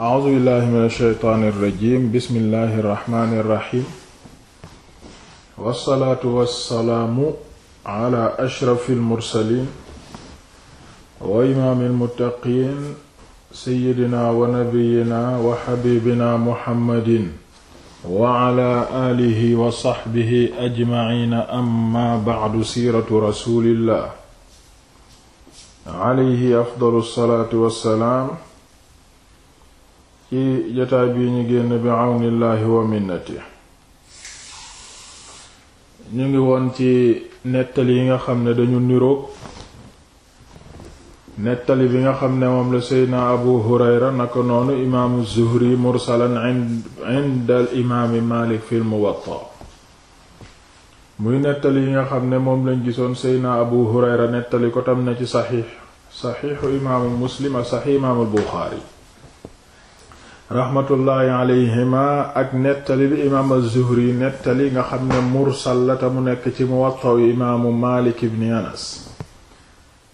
a'uuzu billahi min ash-shaytaani rajim bismillahi rahmaani rahim wassalaatu wassalaamu ala ashrafi almursalin wa imaami almuttaqiin seyidina wa nabiyina wa xabibina muhammadin wa ala aalihi wa saxbihi ajmaciina amma bacdu siiratu rasulillah alayhi afdalu salaatu wassalaam ci jotaay bii ñu génn bi àwnillaahi wa minnati ñu ngi woon ci nettali yi nga xam ne dañu niroog nettali bi nga xam ne moom la seydna abu hurayra naka noonu imaamu zuhri mursalan muy nettali yi nga xam ne moom lañ gisoon seydna abu hurayra nettali ko tam na ci saxiix saxiixu imaamu muslim ak saxiix imaamul buxaari raxmatullaahi alayhima ak nettali bi imaam az-Zuhri nettali nga xam ne mursal la mu nekk ci Muwatta imaamu Maalik ibn Anas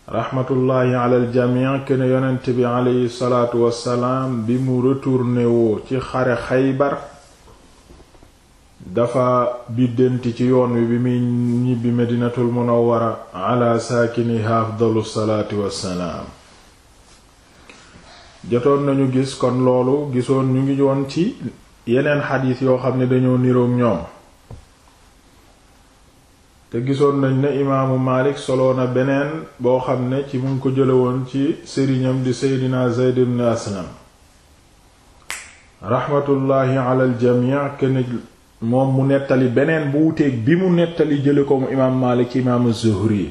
raxmatullaahi alal jamii kenn yonent bi alayhi salaatu wassalaam bi mu retourné ci xare Xaybar dafa biddanti ci yoon wi bi muy ñibbi Madinatul Munawwara ala saakinihaa afdalu salaatu wassalaam jotoon nañu gis kon loolu gisoon ñu ngi woon ci yeneen xadiis yoo xam ne dañoo niroog ñoom te gisoon nañ ne imaamu Maalik soloo na beneen boo xam ne ci mu ngi ko jële woon ci sëriñam di Seydina Zayd ibn Aslam raxmatullaahi alal jamii kenn moom mu nettali beneen bu wuteeg bi mu nettali jële ko mu imaam Maalik ci imaam Zuhri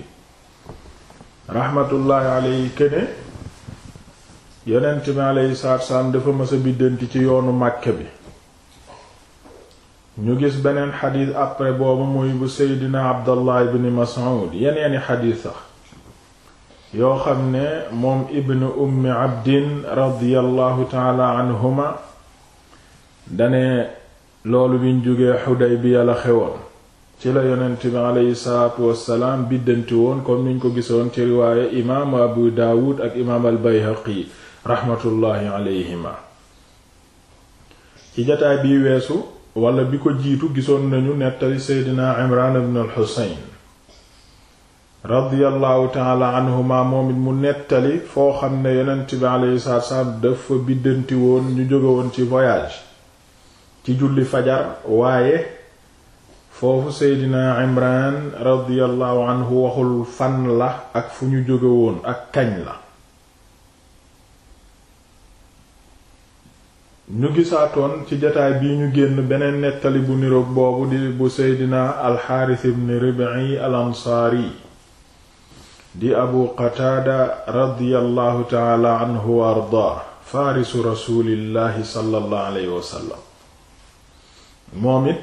raxmatullaahi alayhi kenn yonent bi alayhi salaatu wasalaam dafa mës a biddanti ci yoonu Màkka bi ñu gis beneen xadiis après boobu muy bu Seydina Abdallah ibn Mas'ud yeneeni xadiis sax yoo xam ne moom ibn ummi abdin radiyallahu taala anhuma dane loolu biñ jógee Xudaybiya la xewoon ci la yonent bi aleyhi salaatu biddanti woon comme niñ ko gisoon ci riwaaya imaamu Abu Daawud ak imaam al raxmatullaahi ci jataay bii weesu wala bi ko jiitu gisoon nañu nettali seydina imran ibn al-Husayn taala anhuma moom it mu nettali foo xam ne yonent bi alayhi salaatu salaam dafa biddanti woon ñu jóge woon ci voyage ci julli fajar waaye foofu seydina imran radiyallaahu anhu waxul fan la ak fu ñu jóge woon ak kañ la ñu gisaatoon ci jataay bii ñu génn beneen nettali bu niroog boobu di bu seydina alxaaris ibn rib'i al di abu qataada radiyallahu taala anhu wa ardaa faarisu rasulillahi sallallahu alayhi moom it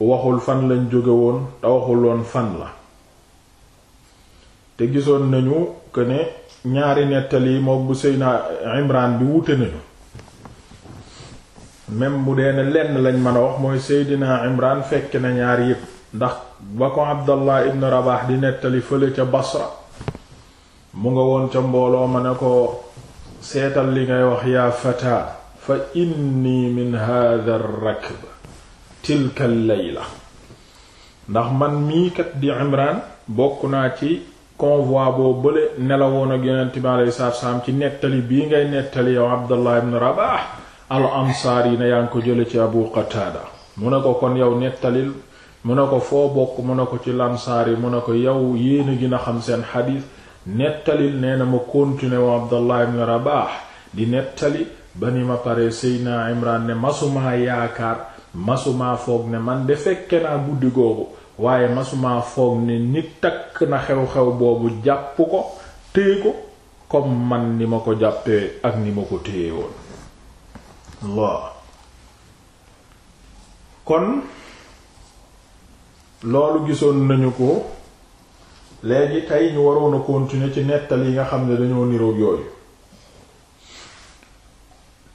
waxul fan lañ jóge woon te waxuloon fan la te gisoon nañu ko ne ñaari nettali mook bu seydina imran bi wuute nañu même bu dee ne lenn lañ man a wax mooy Seydina Imraan fekk na ñaar yépp ndax ba ko Abdallah ibn Rabaah di nettali fële ca Basra mu nga woon ca mbooloo ma ne ko seetal li ngay wax yaa fata fa inni min hadha ar-rakb tilka layla ndax man mii kat di Imraan bokk naa ci convoi boo bële nelawoon a Yonent bi alayhi ci nettali bii ngay nettali yow Abdallah ibn Rabaah al ansaar yi ne yaa ngi ko jële ci abu qataada mu ne ko kon yow nettalil mu ne ko foo bokk mu ne ko ci lansaar yi mu ne ko yow yéen a gën a xam seen xadiis nettalil nee na ma continuer wa abdallah ibn rabaax di nettali ba ni ma pare seydna imran ne masumaa yaakaar masumaa foog ne man de fekke naa guddi googu waaye masumaa foog ne nit takk na xew-xew boobu jàpp ko téye ko comme man ni ma ko jàppee ak ni ma ko téye woon Allah kon loolu gisoon nañu ko léegi tey ñu waroon a continuer ci nettali yi nga xam ne dañoo niroog yooyu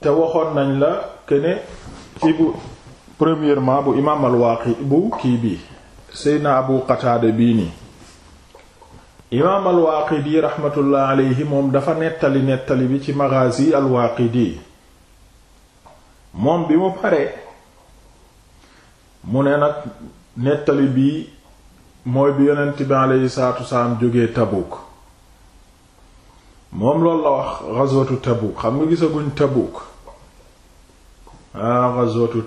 te waxoon nañ la kene ci bu premièrement bu imaam al bu kii bi Seydina Abu Qataada bii nii imaam al-Waaqidi rahmatullah moom dafa nettali nettali bi ci Maghaazi al-Waaqidi moom bi mu paree mu ne nag nettali bii mooy bi yonent bi aleyhi salaatu wasalaam jógee Tabuk moom loolu la wax ghazwatu Tabuk xam nga gisaguñ Tabuk ah ghazwatu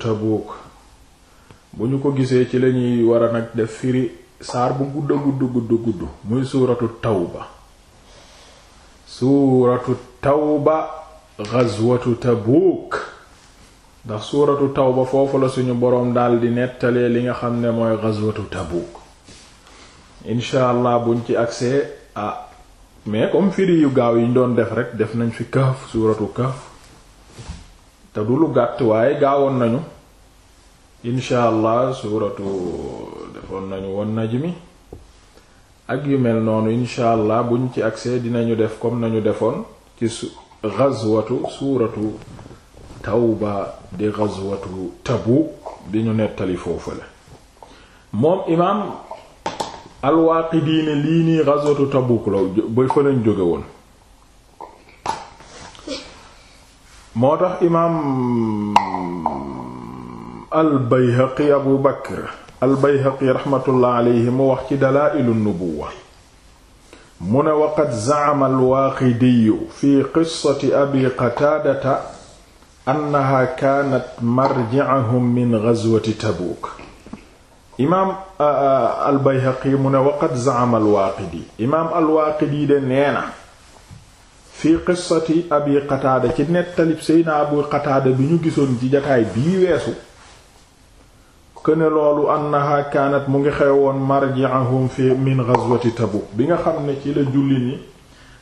bu ñu ko gisee ci lañuy war a nag def firi saar bu gudd gudd gudd gudd muy suuratu Tawba suuratu Tawba ghazwatu Tabuk ndax suuratu ba foofu la suñu boroom di nettalee li nga xam ne mooy gazwatu Tabuuk incha allah buñ ci agsee ah mais comme firi yu gaaw yi ñu doon def rek def nañ fi Kahf suuratu Kahf te du lu gàtt waaye gaawoon nañu incha allah suuratu defoon nañu wan mi ak yu mel noonu incha allah buñ ci agsee dinañu def comme nañu defoon ci gazwatu suuratu tawba di ghazwatu tabu di ñu nettali foofale moom imaam al-Waaqidi ne lii nii ghazwatu Tabuk la ba fa lañ jóge woon moo tax imaam al Abu Bakr al-Bayhaqi mu wax ci Dalaa'ilu Nubuwwa mu ne waqad za'ama al fi qissati Abi Qataadata annaha kaanat marji'ahum min ghazwati tabuuk imaam albayhaqi mu ne waqad za'ama alwaaqidi imaam alwaaqidi de nee na fi qissati abi qataada ci nettalib seyna abu qataada bi ñu gisoon ci jataay bii weesu këne loolu annaha kaanat mu ngi xewoon marji'ahum fi min ghazwati tabuuk bi nga xam ne ci la julli ñi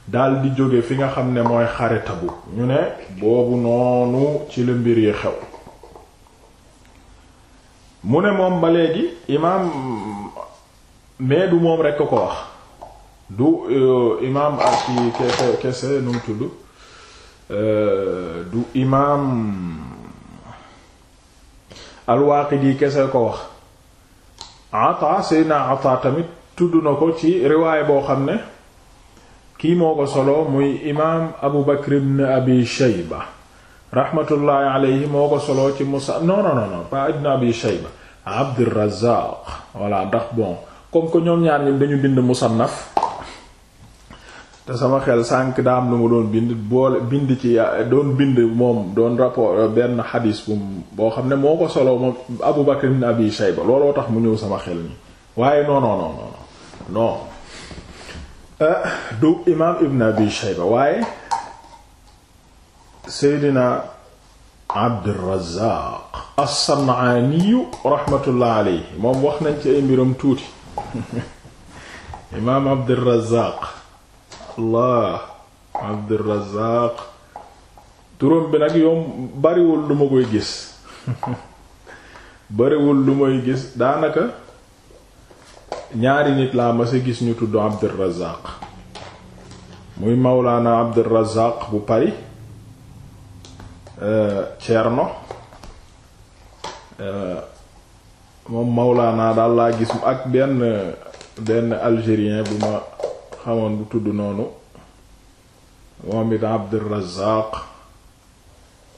daal di jóge fi nga xam ne mooy xare Tabu ñu ne boobu noonu ci la mbir yi xew mu ne moom ba léegi imaam mais du moom rekk ko wax du euh, imaam ak kese kese nu euh, du imaam al kese ko wax Ata Seydina Ata tamit tudd na ko ci riwaay boo xam ne kii moo ko solo muy imaam abu bakr ibn abi shayba raxmatullaahi moo ko solo ci musa non non non pas ibn abi shayba abdurazaq voilà ndax bon comme que ñoom ñaar ñi dañu bind musannaf te sama xel sànq daa lu mu doon bind boole bind ci doon bind moom doon rapport benn xadis bu boo xam ne moo ko solo moom abu bakr ibn abi shayba looloo tax mu ñëw sama xel nii waaye non non non Euh, du imaam Ibn Abi Shayba waaye Seydina Abdurrazaaq as-San'aaniyu rahmatullah moom wax nañ ci ay mbiram tuuti imaam Abdurrazaaq Allah Abdurrazaaq turam bi nag yoom bariwul lu ma koy gis bariwul lu may gis daanaka ñaari nit laa ma sa gis ñu tudd Abdurrazzaq muy Mawlana Abdurrazzaq bu Paris Cerno euh, euh, moom Mawlana daal laa gis ak benn benn algérien bu ma xamoon bu tudd noonu moom it Abdurrazzaq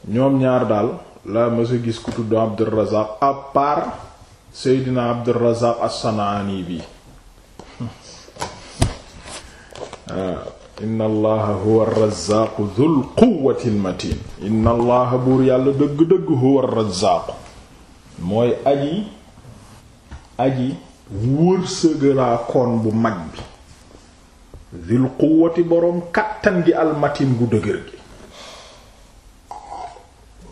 ñoom ñaar daal laa ma sa gis ku tudd Abdurrazzaq à part seydina abdurazaq assanaani bi inna allaha huwa arrazaaqu dhul quwwati almatin inna allaha buur yàlla dëgg-dëgg huwa arrazaaqu mooy aji aji wërsëgalaa bu mag bi dhul quwwati boroom kàttan gi almatin gu dëgër gi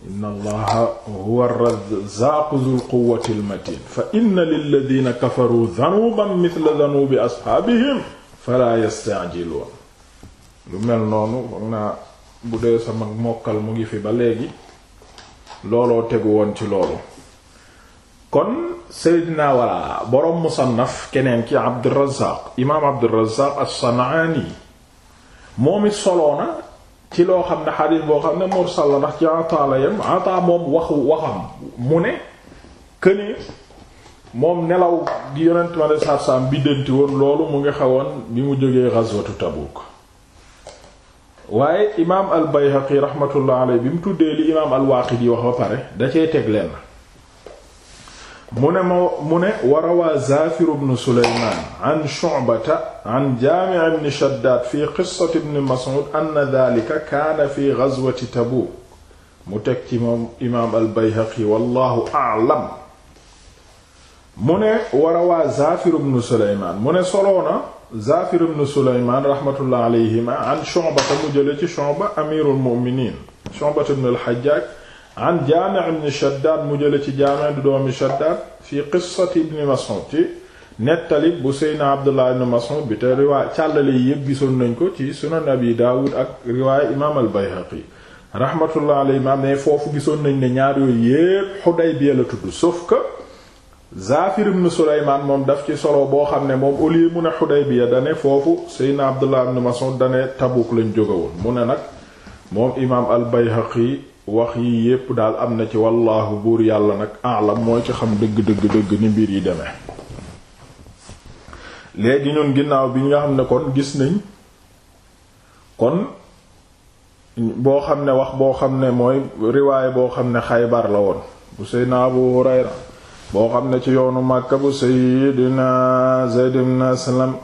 inna allaha huwa ar-razzaaqu dhul quwwati al-matin fa inna lilladhina kafaru dhanuban mithla dhanubi ashaabihim fala yasta'jiluun lu mel noonu foog naa bu dee sama mokkal mu ngi fi ba léegi looloo tegu woon ci loolu kon Seydina walla boroom musannaf keneen ki Abdurrazzaq imaam Abdurrazzaq as-San'aani moom it soloona ci loo xam ne xadiis boo xam ne mursal la ndax ci Ata la yem Ata moom waxu waxam mu ne këne moom nelaw gi yonent ma de sarsam bi denti woon loolu mu ngi xawoon bi mu jógee ghazwatu Tabuk waaye imaam al Bayhaqi rahmatullah alayhi bi mu tuddee li imaam al Waaqidi wax ba pare da cee teg lenn mu ne ma mu ne wa rawaa Zaafir ibn Sulaymaan an Shu'bata an Jaami' ibn Shaddaad fi qissati ibn Mas'uud anna dhaalika kaana fi ghazwati Tabuuk mu teg ci moom imaam al-Bayhaqi wallaahu a'lam mu ne wa rawaa Zaafir ibn Sulaymaan mu ne soloona Zaafir ibn Sulaymaan rahmatullahi alayhima an Shu'bata mu jële ci Shu'ba amiirul mu'miniin Shu'bata ibn al-Hajjaaj an jaami' ibn Shaddaad mu jële ci jaami' du doomi Shaddaad fi qissati ibn Mas'ud ci nettali bu Seydina Abdullah ibn Mas'ud bi te riwaay càllale yi yëpp gisoon nañ ko ci sunan Abi Daawud ak riwaay imaam al-Bayhaqi rahmatullah alayhi ma ne foofu gisoon nañ ne ñaar yooyu yépp Hudaybiya la tudd sauf que Zaafir ibn Sulaymaan moom daf ci solo boo xam ne moom au lieu mu ne Hudaybiya dane foofu Seydina Abdullah ibn Mas'ud dane Tabuk lañ jóge wax yi yépp daal am na ci wallaahu buur yàlla nag alam moo ci xam dëgg dëgg dëgg ni mbir yi demee léegi ñun ginnaaw bi nga xam ne kon gis nañ kon boo xam ne wax boo xam ne mooy riwaay boo xam ne xaybar la woon bu seydna abu hurayra boo xam ne ci yoonu màkka bu seydina zayd ibn aslam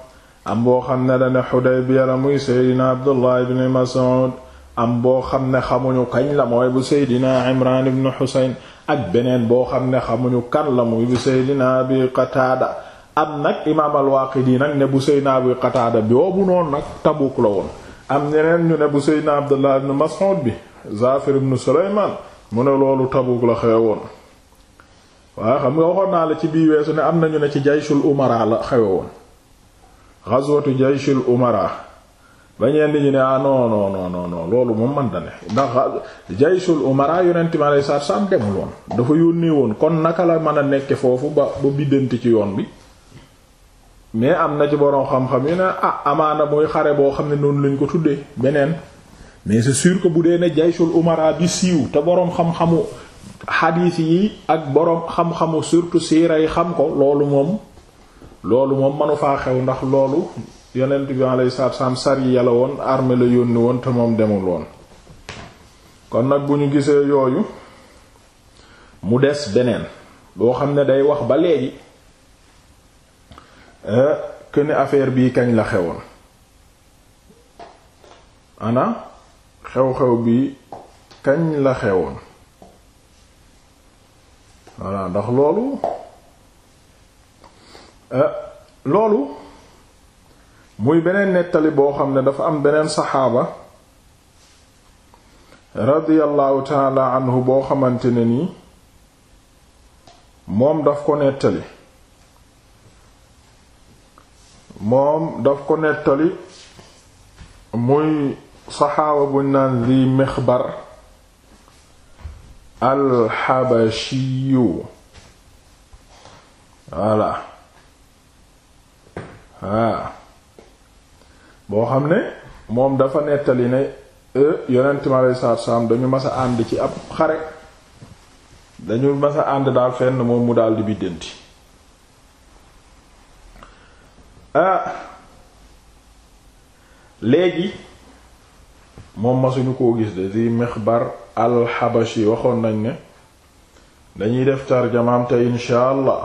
am boo xam ne dane xudaybiya la muy seydina abdullah ibn mas'ud am boo xam ne xamuñu kañ la mooy bu seydina imran ibn xusayn ak beneen boo xam ne xamuñu kan la muy bu seydina abi qataada am nag imaam al-Waaqidi nag ne bu seydina abi qataada boobu noonu nag Tabuk la woon am ñeneen ñu ne bu seydina abdullah ibn mas'ud bi zafir ibn suleyman mu ne loolu Tabuk la xewoon waaw xam nga waxoon naa la ci bii weesu ne am nañu ne ci jayshul umara la xewoon ghazwatu jayshul umara ba ñeen ñu ne ah no non non non loolu moom man da ne ndax jayshul umara yonent mi alayhi salaatu salaam demul woon dafa yónnee woon kon naka la mën a nekke foofu ba ba biddanti ci yoon bi mais am na ci boroom xam-xam yu ne ah amaana mooy xare boo xam ne noonu lañ ko tuddee beneen mais c'est sûr que bu dee ne jayshul umara bi siiw te boroom xam-xamu xadiis yi ak boroom xam-xamu surtout siira yi xam ko loolu moom loolu moom manu faa xew ndax loolu yonent bi alayhi salaatu wassalaam sar yi yàlla woon armée la yónni woon te moom demul woon kon nag bu ñu gisee yooyu mu des beneen boo xam ne day wax ba léegi euh, que ne affaire bii kañ la xewoon ana xew-xew bi kañ la xewoon voilà ndax loolu euh, loolu muy beneen nettali boo xam ne dafa am beneen saxaaba radiyallahu taala anhu boo xamante ne nii moom daf ko nettali moom daf ko nettali muy saxaaba buñ naan di mixbar alxabashiyu voilà waa ah. boo xam ne moom dafa nettali ne e, yonent mi aleyhi salaatu salaam dañu mas a ànd ci ab xare dañu mas a ànd daal fenn moom mu daal di biddanti ah léegi moom masuñu koo gis de di Mixbar al waxoon nañ ne dañuy def tarjamaam te incha allah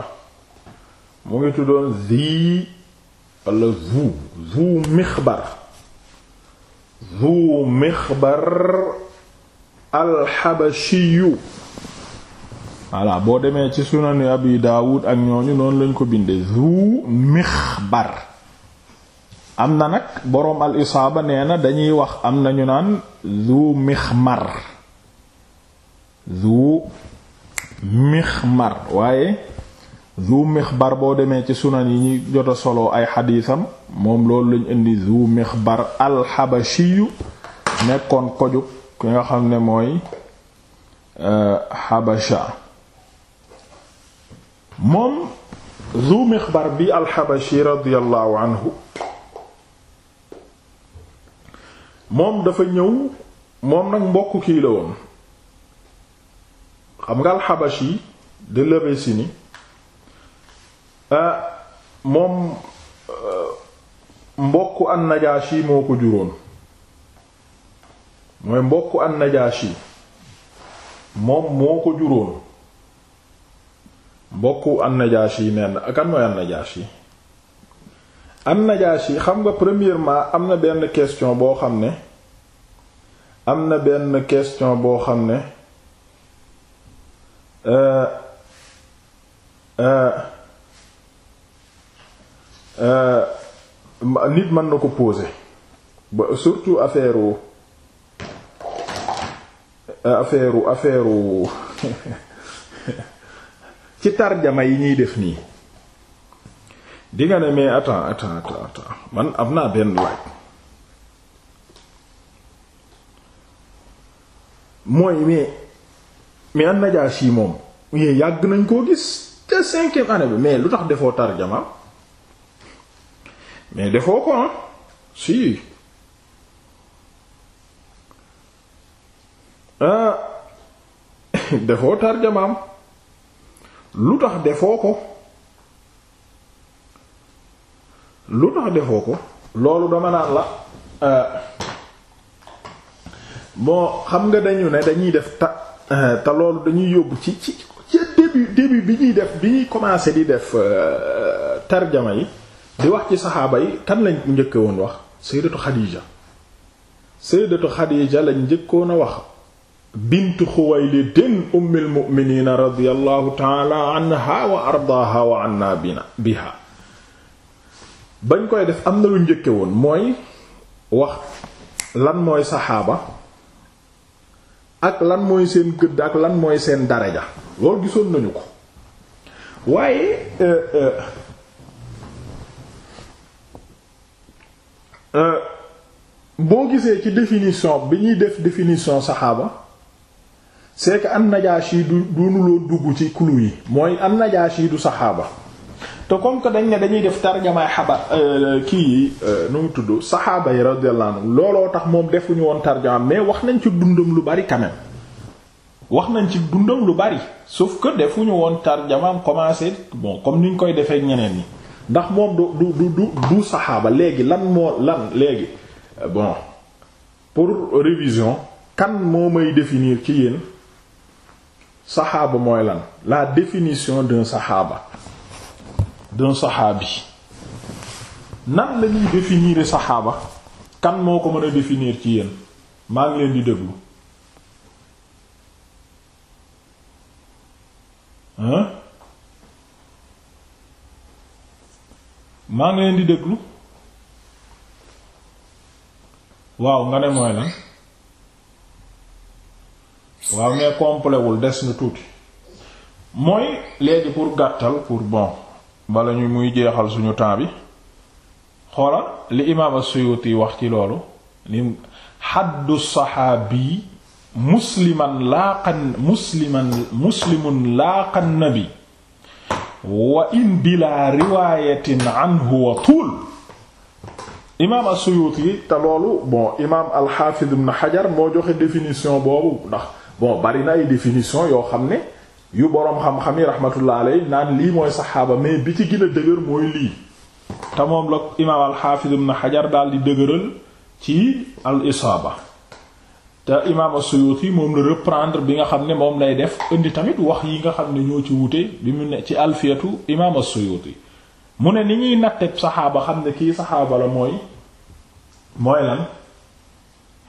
mu ngi tuddoon zi wala zu zu mixbar zu mixbar alxabashiyu voilà boo demee ci sunanu abi daawud ak ñooñu noonu lañ ko bindee zu mixbar am na nag boroom al isaaba nee na dañuy wax am na ñu naan zu mixmar zu mixmar waaye zu mixbar boo demee ci sunan yi ñuy jot a ay xadiisam moom loolu lañ indi zu mixbar alxabashiyu nekkoon kojug ki nga xam ne mooy xabasha euh, moom zu mixbar bi moom dafa ñëw moom nag mbokk kii la woon xam nga alxabashi de Labesini Euh, moom euh, mbokk an-Najaashi moo ko juróon mooy mbokk an-Najaashi moom moo ko juróon mbokk an-Najaashi nen kan mooy an-Najaashi an-Najaashi xam nga premièrement am na benn question boo xam ne am na benn question boo xam ne euh, Euh, nit mën na ko pose ba surtout affaire euh, affaire affaire ci tarjama yi ñuy def nii di nga ne mais attends attends attends man am naa benn laaj mooy mais mais an Najaasi moom yee yàgg nañ koo gis te cinquième année bi mais lu tax defoo tarjama mais defoo ko ah si defoo tarjamaam lu tax defoo ko lu tax defoo ko loolu dama naan la ah. bon xam nga dañu ne dañuy def ta ah, te loolu dañuy yóbbu ci ci ci début début bi ñuy def bi ñuy commencer di def ah, tarjama yi di wax ci saxaaba yi kan lañ njëkke woon wax sayyidatu Xadiija sayyidatu Xadiija lañ njëkkoon a wax bint Xuwaylidin ummil mu'miniina radiyallahu ta'ala anha wa ardaaha wa anna bina bañ koy def am na lu njëkke woon mooy wax lan mooy saxaaba ak lan mooy seen gëdd ak lan mooy seen daraja loolu gisoon nañu ko waaye euh, euh, Euh, boo gisee ci définition bi ñuy def définition saxaaba c'est que an-Najaashi du dunuloon dugg ci clou yi mooy an-Najaashi du saxaaba te kon que dañ ne dañuy def tarjamaay xabar euh, kii yi euh, nu mu tudd saxaaba yi radiyallahu anhu looloo tax moom defuñu woon tarjamaam mais wax nañ ci dundam lu bari quand wax nañ ci dundam lu bari sauf que defuñu woon tarjamaam commencé bon comme niñ koy defee ñeneen ñi ndax moom du du du du saxaaba léegi lan moo lan léegi euh, bon pour révision kan moo may définir ci yéen saxaaba mooy lan la définition d'un saxaaba d'un saxaabi nan la ñuy saxaaba kan moo ko mën a définir ci yéen maa ngi leen di déglu maa ngi leen di déglu waaw nga ne mooy lan waaw mais complet des na tuuti mooy léegi pour gàttal pour bon bala ñu muy jeexal suñu temps bi xoola li imaam as-Suyuti wax ci loolu li xaddu saxaabi musliman laaqa musliman muslimun laaqa nabi wa in bila na an wa tuul imaam as-Suyuti te loolu bon imaam al-Hafiz ibn Hajar moo joxe définition boobu ndax bon bari na ay définition yoo xam ne yu boroom xam-xam yi rahmatullah alayhi naan lii mooy saxaaba mais bi ci gën a dëgër mooy lii te moom la imaam al-Hafiz ibn Hajar daal di dëgëral ci al-Isaaba te imaam as-Suyuti moom la reprendre bi nga xam ne moom lay def indi tamit wax yi nga xam ne ñoo ci wute bi mu ne ci alfiyatu imaam as-Suyuti mu ne ni ñuy natteb saxaaba xam ne kii saxaaba la mooy mooy lan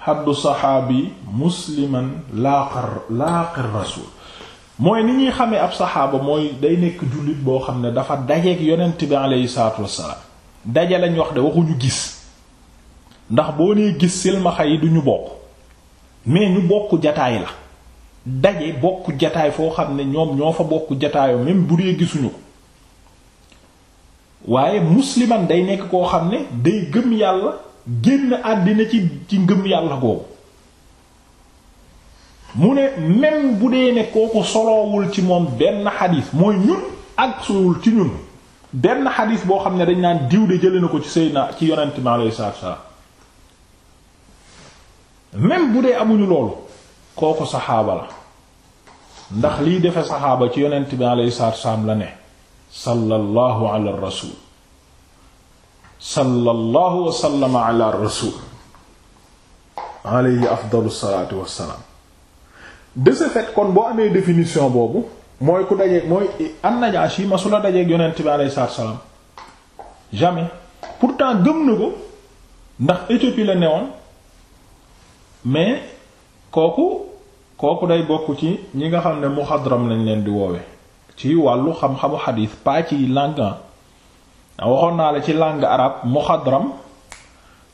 xaddu saxaabi musliman laaqar laaqar rasul mooy ni ñuy xamee ab saxaaba mooy day nekk jullit boo xam ne dafa dajeek yonent bi aleyhi salaatu wassalaam daje lañ wax de waxuñu gis ndax boo nee gis silmaxa yi duñu bokk mais ñu bokk jataay la daje bokk jataay foo xam ne ñoom ñoo fa bokk jataayoo même bu dee gisuñu ko waaye musliman day nekk koo xam ne day gëm yàlla génn àddina ci ci ngëm yàlla googu mu ne même bu dee ne kooku soloowul ci moom benn xadis mooy ñun ak solowul ci ñun benn xadis boo xam ne dañ naan diw de jëlee na ko ci Seydina ci yonent mi alayhi salaatu wa même bu dee amuñu loolu kooku saxaaba la ndax liy defe saxaaba ci yonent bi alayhi salaatu wassalaam la ne sallallahu ala rasul sallallahu wa sallama ala rasul kon boo amee définition boobu mooy ku dajeeg mooy an-Najaashi yi masula dajeeg yonent bi alayhi salaatu wassalaam jamais pourtant gëm na ko ndax Éthiopie la newoon mais kooku kooku day bokk ci ñi nga xam ne muxadram lañ leen di woowe ci wàllu xam-xamu xadiis pas ci langue ah. Ah, waxoon naa la ci langue arabe muxadram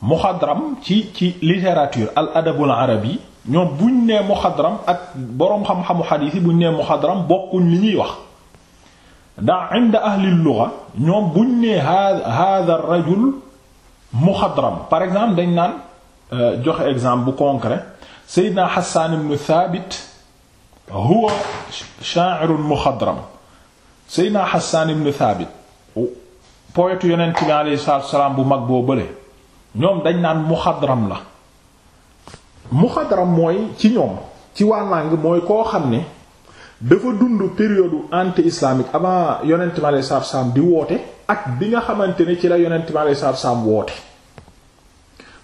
muxadram ci ci littérature al adabul arabi ñoom buñ nee muxadram ak boroom xam-xamu xadiis yi buñ nee muxadram bokkuñ li ñuy wax daa inda ahli lugha ñoom buñ nee hada rajul muxadram par exemple dañ naan Euh, joxe exemple bu concret Seydina Hassan ibn Thabit huwa sha'irun mukhadram Seydina Hassan ibn Thabit poète yonent bi alayhi salaatu bu mag boo bële ñoom dañ naan mukhadram la mukhadram mooy ci ñoom ci waa langue mooy koo xam ne dafa dund période anti-islamique avant yonent bi alayhi salaatu wasalaam di woote ak bi nga xamante ni ci la yonent bi alayhi salaatu wasalaam woote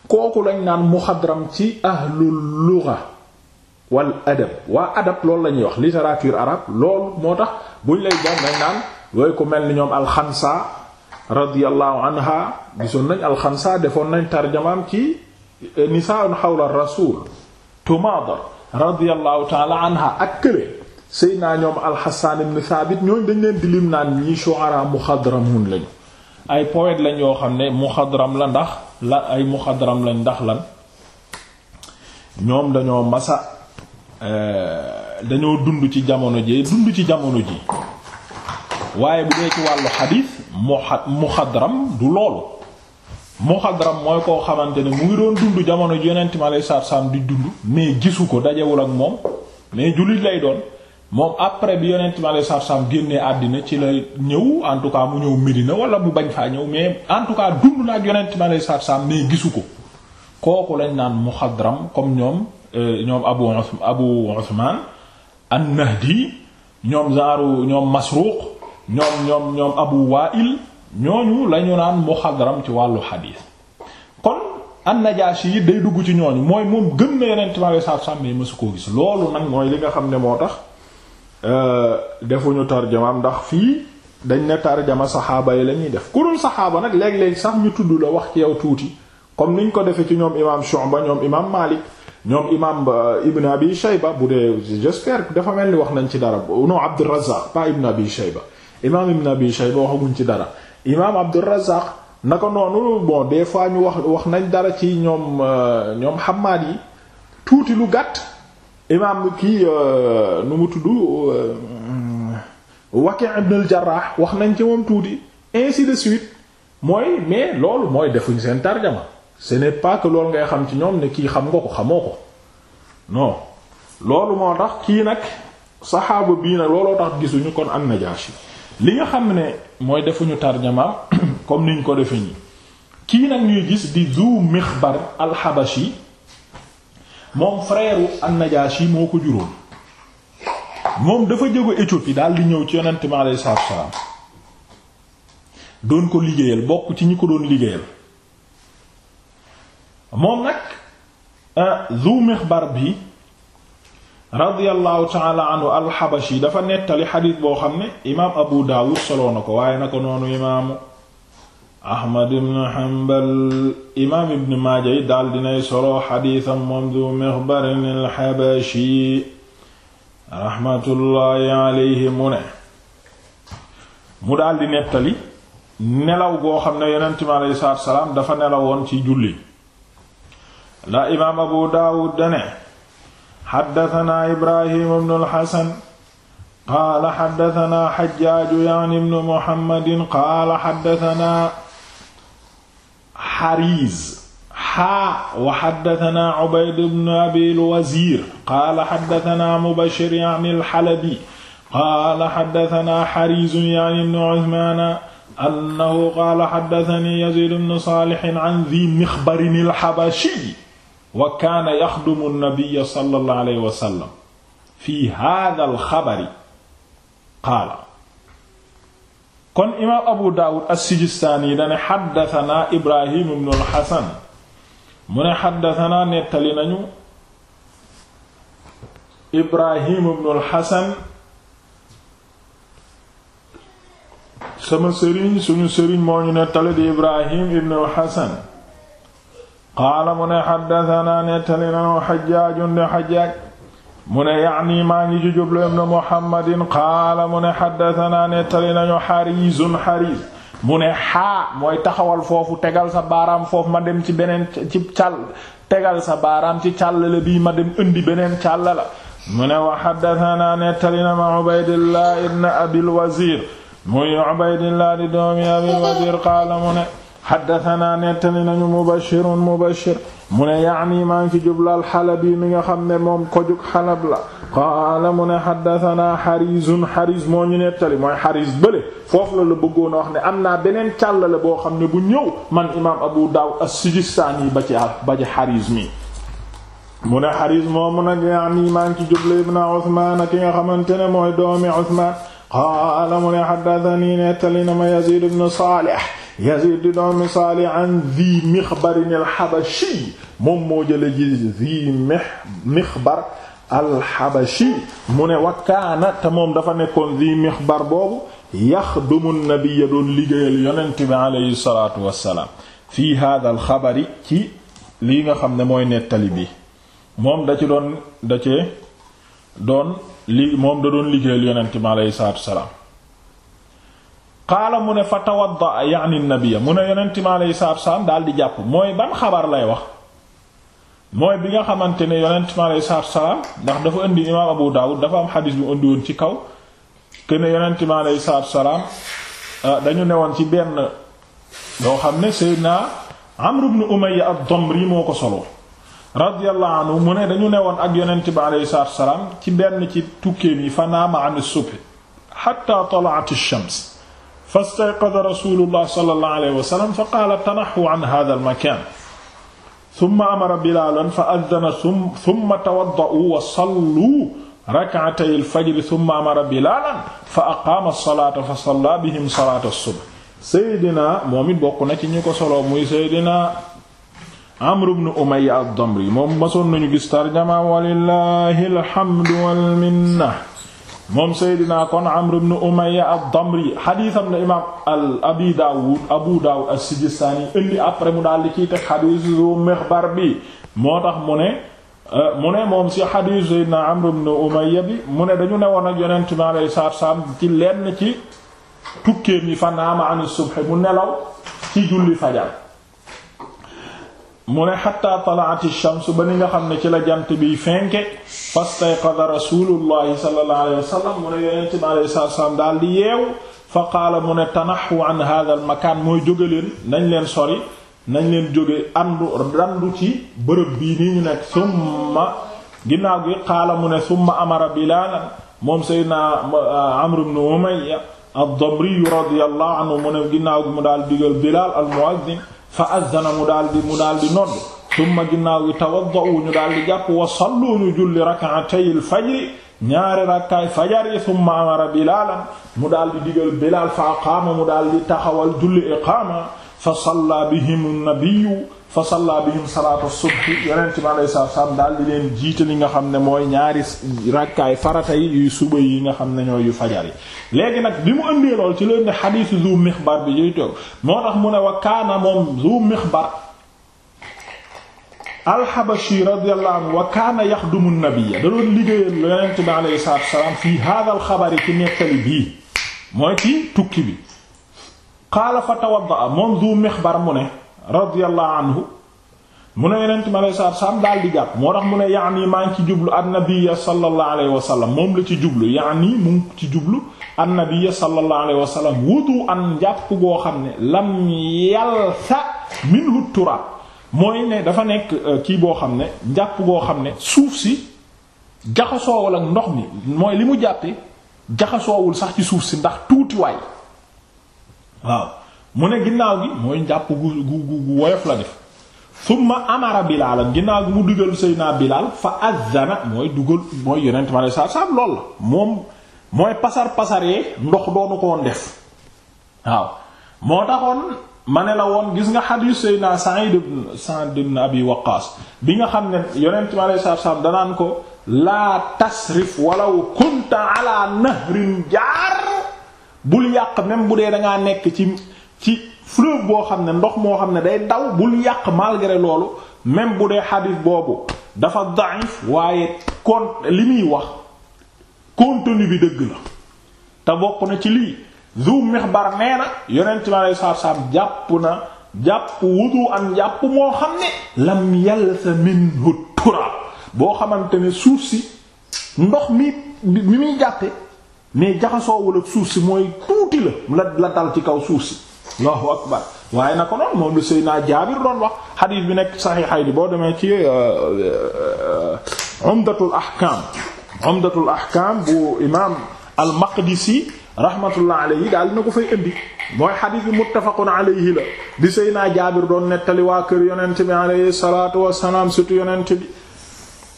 kooku lañ naan muxadram ci ahlul lugha wal adab waa adab loolu la ñuy wax littérature arabe loolu moo tax buñ lay doon lañ naan wooy ko mel ni ñoom alxansa radiyallahu anha gisoon nañ alxansa defoon nañ tarjamaam ci eh, nisaa'un xawla rasul tumaadar radiyallahu taala anha ak kële sëy ñoom alxasaan ibn thabit ñooñ dañ leen di lim naan ñi shu'ara muxadramun lañu ay poète lañ yoo xam ne muxadram la ndax la ay muxadram lañ ndax lan ñoom dañoo masa eh, dañoo dund ci jamono ji dund ci jamono ji waaye bu dee ci wàllu xadiis muxadram du loolu muxadram mooy koo xamante ne mu ngi doon dund jamono ji yonent mi alayhi salaatu salaam di dund mais gisu ko dajewul ak moom mais jullit lay doon moom après bi yonent mi alei satu salaam génnee àddina ci la ñëw en tout cas mu ñëw Medina wala mu bañ faa ñëw mais en tout cas dund na ak yonent mi alei satu salaam mais gisu ko kooku lañ naan muxadram comme ñoom euh, ñoom abu abu Usman an-Nahdi ñoom zaaru ñoom Masruq ñoom ñoom abu Wa'il ñooñu lañu naan muxadram ci wàllu xadiis kon an-Najaashi yi day dugg ci ñooñu mooy moom gën na yonent mi alei satu salaam mais mësu koo gis loolu nag mooy li nga xam ne moo tax Euh, defuñu tarjamaam ndax fii dañ ne tarjama saxaaba yi la ñuy def kurul saxaaba nag léeg-léeg sax ñu tudd la wax ci yow tuuti comme niñ ko defee ci ñoom imaam Shu'ba ñoom imaam Maalik ñoom imaam euh, Ibn Abi Shayba bu dee j'espère dafa mel ni wax nañ ci dara non Abdur Razzaq pas Ibn Abi Shayba imaam Ibn Abi Shayba waxaguñ ci dara imaam Abdur Razzaq naka noonu bon des fois ñu wax wax nañ dara ci ñoom euh, ñoom Hammaad yi tuuti lu gàtt. imaam kii euh, nu mu tudd euh, Waki' ibn al-Jarrah wax nañ ci moom tuuti ainsi de mooy mais loolu mooy defuñ seen tarjama ce n'est pas loolu ngay xam ci ñoom ne kii xam nga ko xamoo ko non loolu moo tax kii nag saxaaba bii nag looloo tax gisuñu kon am Najaashi li nga xam ne mooy defuñu tarjama comme niñ ko defe nii kii nag ñuy gis di Zu Mixbar al-Habashi moom frère an-Najashi yi moo ko juróom moom dafa jóge Éthiopie daal di ñëw ci yonent mi alayhi salaam doon ko liggéeyal bokk ci ñi ko doon liggéeyal moom nag Zu euh, Mixbar bi radiyallahu ta'ala anhu al-Habashi dafa nettali xadiis boo xam ne imaam Abu Dawud soloo na ko waaye na ko noonu imaamu Ahmad ibn Hanbal imaam ibn Maaja daal dinay solo xadiisam moom du Mixbarin al mu ne mu daal di nettali nelaw goo xam ne yonent mi alayhi salaatu salaam dafa nelawoon ci julli la imaam Abu Daawud dane xaddatanaa Ibrahim ibn al-Xasan qaala xaddatanaa Xajjaaju yaani ibn Muhammadin qaala xariz xaa wa xaddatana ubayd bn abi lwazir qaala xaddatana mubashir yani alxalabi qaala xaddatana xarizu yani bnu usmaana annahu qaala xaddatani yazid bnu saalixin an di mixbarin alxabashiyi wa kaana yaxdumu nnabiya sallallahu alayhi wa sallam fi haadal xabari qaala kon imaam abu daawud as-sijistaani dane xaddatanaa ibrahim ibnu alxasan mu ne xaddatanaa nettali nañu ibrahim ibnu alxasan sama sëriñ suñu sëriñ moo ñu nettali di ibrahim ibnu alxasan qaala mu ne xaddatanaa nettali nañu xajaajun de xajaaj mu ne yaani maa ngi ci jublu ibn muhammadin qaala mu ne xaddatanaa nettali nañu xarisun xaris mu ne xaa mooy taxawal foofu tegal sa baaraam foofu ma dem ci beneen ci càll tegal sa baaraam ci càll bii ma dem indi beneen càll la mu ne wa xaddatanaa nettali na ma ubaydillah ibn abil wazir muy ubaydillah di doomi abil wazir qaala mu ne xaddatanaa nettali nañu mubashirun mubashir mu ne yaani maa ngi ci jubla alxalabi mi nga xam ne moom ko jug xalab la qaala mu ne xaddatanaa xarisun xaris moo ñu nettali mooy xaris bële foofu la la bëggoon a wax ne am naa beneen càllale boo xam ne bu ñëw man imaam abu daawud as-sijistaani ba ci ba ci xaris mi mu ne xaris moomu nag yaani maa ngi ci jubla ibn usmaan ki nga xamante ne mooy doomi usmaan qaala mu ne xaddatanii nettali na ma yaziid ibn saalih Yazid di doomi Saalih an Zi Mixbar al moom moo jële ji Zi Mixbar al-Habashi mu ne wa te moom dafa nekkoon Zi Mixbar boobu yaxdumu an-nabiyya doon liggéeyal yonent bi alayhi salaatu wassalaam fii haaza al-xabari ci lii nga xam ne mooy nettali bi moom da ci doon da moom da doon liggéeyal yonent bi alayhi salaatu wassalaam qaala mu ne fa tawadda yaani nabia mu ne yonent mi aleyhi salaatu salaam daal di jàpp mooy ban xabar lay wax mooy bi nga xamante ne yonent mi aleyhi salaatu salaam ndax dafa indi imaam Abu Daawud dafa am xadis bi mu indi woon ci kaw que ne yonent mi salaam ah, dañu newoon ci benn loo xam ne Seydina Amr ibn Umayya ad-Damri moo ko solo radiyallahu anhu mu ne dañu newoon ak yonent bi aleyhi salaatu salaam ci benn ci tukkeem yi fa naama an as-subh hatta shams fastayqada rasulullah sallallahu alayhi wa sallam fa qaala tanaxu an hada almakan summa amara bilaalan fa addana summa tawadda'u wa sallu rak'atay alfajri summa amara bilaalan fa aqaama salaata fa salla bihim salaata subh Seydina moom it bokk na ci ñu ko solo muy Seydina Amr ibn Umayya ad-Damri moom masoon nañu gis tarjama walillahi alhamdu wal minna moom Seydina kon Amr ibn Umayya ad-Damri xadiisam la imaam al Abi Daawud Abu Daawud as-Sijistaani indi après mu daal di ciy teg xadiisu Zu Mixbar bi moo tax mu ne euh, mu ne moom si xadiisu Seydina Amr ibn Umayya bi mu ne dañu newoon ak Yonent mi alayhi salaatu wa salaam ci lenn ci tukkeem yi fa naama an subh mu nelaw ci julli fajar mu ne xatta talaati shams ba ni nga xam ne ci la jant biy fenke fastayqada rasulullahi sallallahu alayhi wa sallam mu ne yonent bi alayhi salaatu wa daal di yeewu fa qaala mu ne tanaxu an hadha makaan mooy jóge leen nañ leen sori nañ leen jóge andu randu ci bërëb bii nii ñu nekk summa ginnaaw gi qaala mu ne summa amara bilaalan moom seydna amru ibn umayya ad-damri radiyallahu anhu mu ne ginnaaw gi mu daal digal bilaal al muazzin fa azzana mu daal di mu daal di nodd tumma ginnaaw gi tawadda'u ñu daal di jàpp wa sallu ñu julli rak'atayil fajri ñaari rakkaay fajar yi tumma amara bilaalan mu daal di digal bilaal fa aqaama mu daal di taxawal julli iqaama fa salla bihim an-nabiyyu fa salla bihim a subhi yonent bi alayhi salaatu salaam daal di leen jiite nga xam ne mooy ñaari rakkaay farata yi yuy suba yi nga xam ne ñooy yu fajar yi léegi nag bi mu ëndee lool ci leen ne xadiis zu mixbar bi yuy toog moo tax mu ne wa kaana moom zu mixbar alxabashi radiyallahu anhu wa kaana yaxdumu nabiyya da doon liggéeyal yonent bi alayhi salaatu salaam fii haadal xabari ci nettali bii mooy ci tukki bi qaala fa tawadda moom zu mixbar mu ne radiyallahu anhu mu ne yonent mi alayhi salaatu salaam daal jàpp moo tax mu ne yaani maa ngi ci jublu annabiya sallallahu alayhi wa sallam moom la ci jublu yaani mu ngi ci jublu annabiya sallallahu alayhi wa sallam wudu jàpp goo xam ne lam yalsa minhu turaab mooy ne dafa nekk euh, kii boo xam ne jàpp goo xam ne suuf si jaxasoowul ak ndox mi mooy li mu jàppee jaxasoowul sax ci suuf si ndax tuutiwaay waaw mu ne ginnaaw gi mooy njàpp gu gu gu woyof la def summa amara bilaalan ginnaaw gi mu dugal Seydina Bilaal fa azzana mooy dugal mooy yonent ma ne saab saab lool la moom mooy pasar pasaree ndox doonu ko woon def waaw moo taxoon ma ne la woon gis nga xadiis Seydina Sa'id ibn Sa'd ibn Abi Waqqaas bi nga xam ne yonent ma ne saab saab danaan ko laa tasrif walaw kunta ala nahrin jaar bul yàq même bu dee dangaa nekk ci ci fleuve boo xam ne ndox moo xam ne day daw bul yàq malgré loolu même bu dee xadiis boobu dafa da'if waaye kon li muy wax contenu bi dëgg la te bokk na ci lii Zu Mixbar nee na yonent mi alei jàpp na jàpp wudu am jàpp moo xam ne lam yalsa minhu turab boo xamante ne suuf si ndox mi mi muy jàppe mais jaxasoo wala suuf si mooy tuuti la la la dal ci kaw suuf si Allahu akbar waaye na ko noonu moom lu Seydina Jaabir doon wax xadiis bi nekk saxiixayni boo demee ci euh, euh, Umdatul Ahkaam Umdatul Ahkaam bu imaam al-Maqdisi rahmatullah alayhi daal dina ko fay indi mooy xadiis bi muttafaqun alayhi la di Seydina Jaabir doon nettali waa kër yonent bi alayhi salaatu wa salaam surtout yonent bi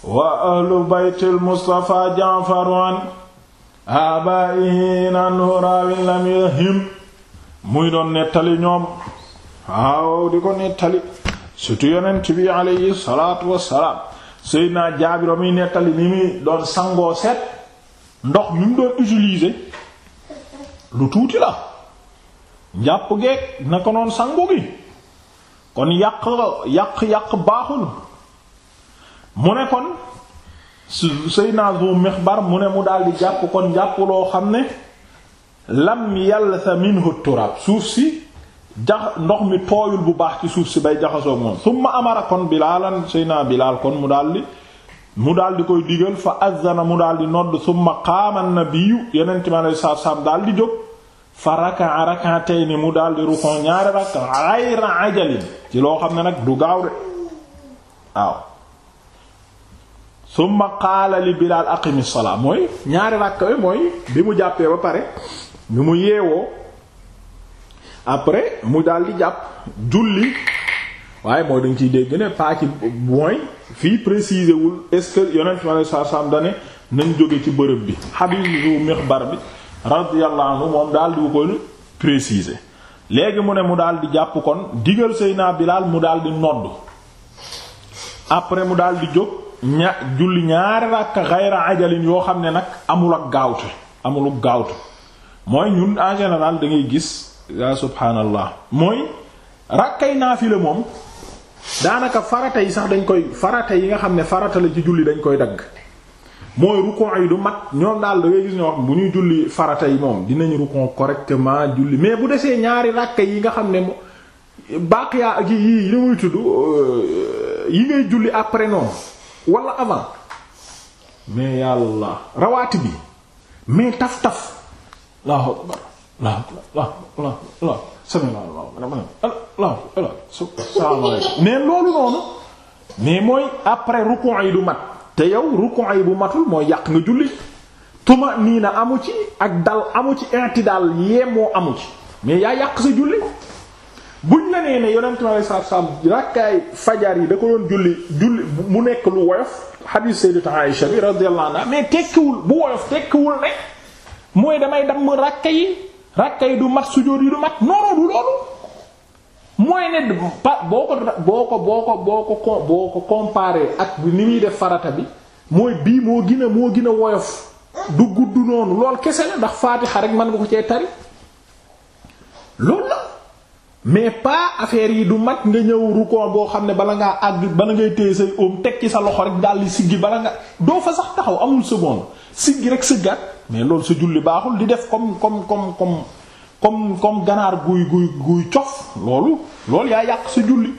wa ahlu baytil Mustafa Ja'far an abaa'ihi anhu raawin lam yahim muy doon nettali ñoom waaw di ko nettali surtout yonent bi alayhi salaatu wassalaam naa Jaabir muy nettali ni muy doon sangoo seet ndox mi mu doon utiliser lu tuuti la njàpp geeg na ko noon sangu gi kon yàq yàq yàq baaxul mu ne kon Seydina Zu Mixbar mu ne mu daldi jàpp kon jàpp loo xam ne lam yalsa minhu turab suuf si jax ndox mi tooyul bu baax ci suuf si bay jaxasoo moom summa amara kon bilaalan seyna bilaal kon mu daldi mu daldi koy digal fa azana mu daldi nodd summa qaama nabiyu yeneen mi alei satu salaam daldi jóg fa mu daldi rukon ñaari ci loo xam ne nag du gaaw de waaw summa bilaal aqimi mooy ñaari rakka we mooy bi mu jàppee ba pare bi mu yeewoo après mu daal di jàpp julli waaye mooy dañ ciy dégg ne pas ci mooy fii préciser wul est-ce que yonent mi alei satu nañ jóge ci bërëb bi xabisu bar bi radiyallahu anhu moom daal di ko préciser léegi mu ne mu daal di jàpp kon digal Seydina Bilaal mu daal di nodd après mu daal di jóg ña julli ñaari ràkk xayra ajalin yoo xam ne nag amul ak gaawte amul gaawte mooy ñun en général da ngay gis yaa subhaanallah mooy naa naafila moom daanaka farata yi sax dañ koy farata yi nga xam ne farata la ci julli dañ koy dagg mooy rukon yi du mat ñoom daal da ngay gis ñoo xam bu ñuy julli farata yi moom dinañu rukon correctement julli mais bu desee ñaari rakka yi nga xam ne baaqiya ak yii li muy tudd euh, yi ngay julli après noonu walla avant mais yàlla rawaati bi mais taf-taf Allahu akbar Allahu akbar Allahu akbar sami mais loolu noonu mais mooy après rukun yi du mat te yow rukun yi bu matul mooy yàq nga julli tuma nii na amu ci ak dal amu ci intidal yemoo amu ci mais yaa yàq sa julli buñ la nee ne yonentu Yàlla sallallahu alayhi wasallam rakkaay fajar yi da ko doon julli julli mu nekk lu woyof hadith sayyidatu Aisha bi radiyallahu anha mais tekkiwul bu woyof tekkiwul ne mooy damay damm ràkka yi ràkka yi du mat sujjóot yi du mat non du loolu mooy ne boo ko boo ko boo ko boo ko boo ko comparé ak ni muy def farata bi mooy bii moo gin a moo gën a woyof du gudd noonu lool kese la ndax faatixa rek mën nga ko cee tari loolu la mais pas affaire yi du mat nga ñëw rukoon boo xam ne bala ngaa àgg bala ngay téye say oom ci sa loxo rek daldi siggi bala nga doo fa sax taxaw amul seconde siggi rek sëggaat mais loolu sa julli baaxul di def comme koom koom comme comme comme ganaar guy guy guy cof loolu loolu yaa yàq sa julli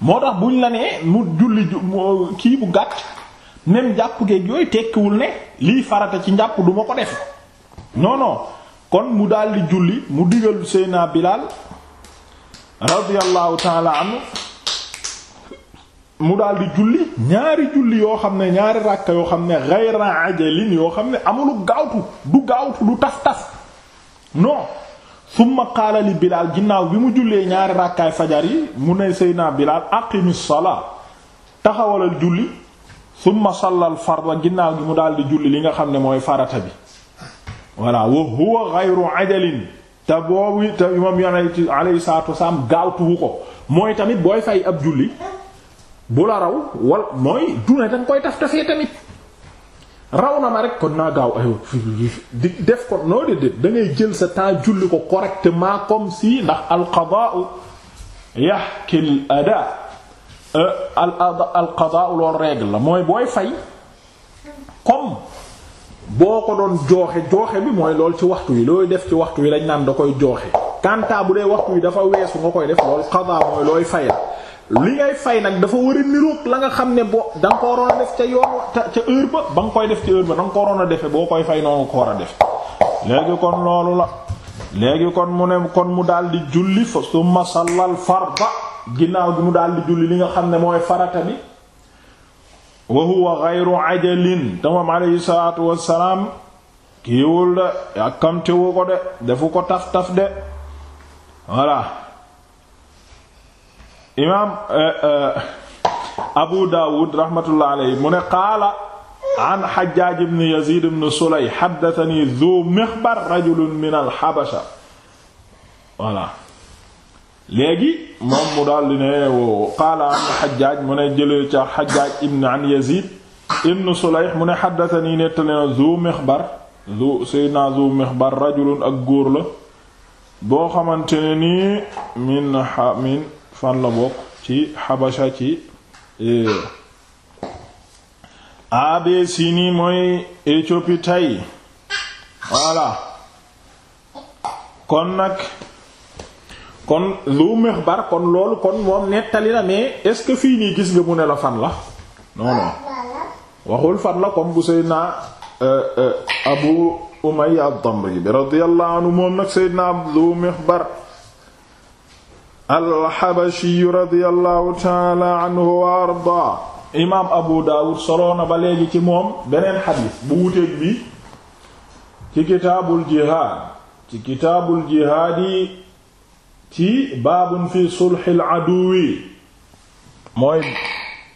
moo tax buñ la nee mu julli kii bu gàtt même jàpp geeg yooyu tekkiwul ne lii farata ci njàpp duma ko def non kon mu daldi julli mu digal Seyna Bilal radiyallahu ta'ala mu daal di julli ñaari julli yoo xam ne ñaari ràkka yoo xam ne yoo xam ne amulu gaawtu du gaawtu du tas tas non summa qaala bilaal ginnaaw bi mu jullee ñaari ràkkaay fajar yi mu ne seyna bilaal aqimi salaa taxawalal julli summa sallal farda ginnaaw gi mu daal di julli li nga xam ne mooy farata bi voilà wa huwa ghayru ajalin te boobu te imam yonent alayhi salaatu wasalaam gaawtuwu ko mooy tamit booy fay ab julli bu la raw wal mooy du ne danga koy taf tafee tamit raw na ma rek kon naa gaaw di def ko noo déedéet da ngay jël sa temps julli ko correctement comme si ndax alqadaau yaxki l ada euh, alqadaau loolu règle la mooy booy fay comme boo ko doon jooxe jooxe bi mooy lool ci waxtu yi looy def ci waxtu yi lañ naan da koy jooxe kanta bu dee waxtu yi dafa weesu nga koy def lool qada mooy looy fay la li ngay fay nag dafa war a niroog la nga xam ne boo da nga ko a def ca yoon ca heure ba nga koy def ca heure ba da nga a defe boo koy fay noonu ko war a def léegi kon loolu la léegi kon mu ne kon mu daal di julli fa summa sallal farda ginnaaw bi mu daal di julli li nga xam ne mooy farata bi wa huwa ghayru ajalin tamam alayhi salaatu wassalaam kiiwul de yàkkamtewu ko de defu ko taf taf de voilà imaam eh, eh, Abu Dawud rahmatullah alayhi mu ne qaala an Hajjaaj ibn Yaziid ibn Sulay haddathanii Dhu Mixbar rajulun min al-Habasha voilà léegi moom mu daal di ne qaala an Hajjaaj mu ne jëlee ca Hajjaaj ibn an Yaziid ibn Sulay mu ne haddathanii nettali na Dhu Mixbar Dhu Seydina Dhu Mixbar rajulun ak góor la boo xamante ne nii min min fan la bokk ci xabasha ci e, Abesini mooy Éthiopie tey voilà kon nag kon Dhu Mixbar kon loolu kon moom nettali na mais est fii nii gis nga mu ne la fan la non waxul fan la comme bu Seydina e, e, Abu Umayya ad-Damri bi radiyallahu anhu moom nag Seydina Dhu Mixbar alxabashi radiyallahu taala anhu wa arda ci moom beneen xadiis bu wuteeg bi ci kitaabul jihaad ci kitaabul jihaad ci baabun fi sulxil aduwi mooy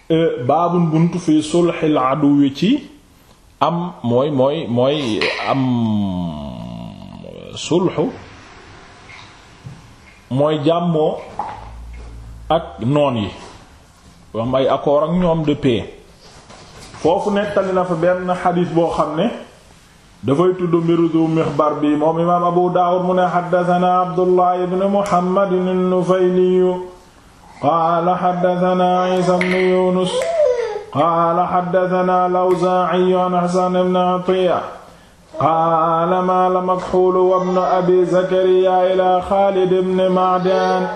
e, baabun buntu fi sulxil aduwi ci am mooy mooy mooy am sulxu mooy jàmmoo ak noon yi am ay accord ak ñoom de foofu nettali na fa benn xadis boo xam ne dafay tudd mbiru du mixbar bi moom imaam abu daawud mu ne xaddasanaa abdullah ibn muhammad an-nufayli qaala xaddasanaa isa ibn yunus qaala xaddasanaa al-awzaa'i an hasan qaala maala makxuul wabnu abi zakariya ila xaalid ibn ma'dan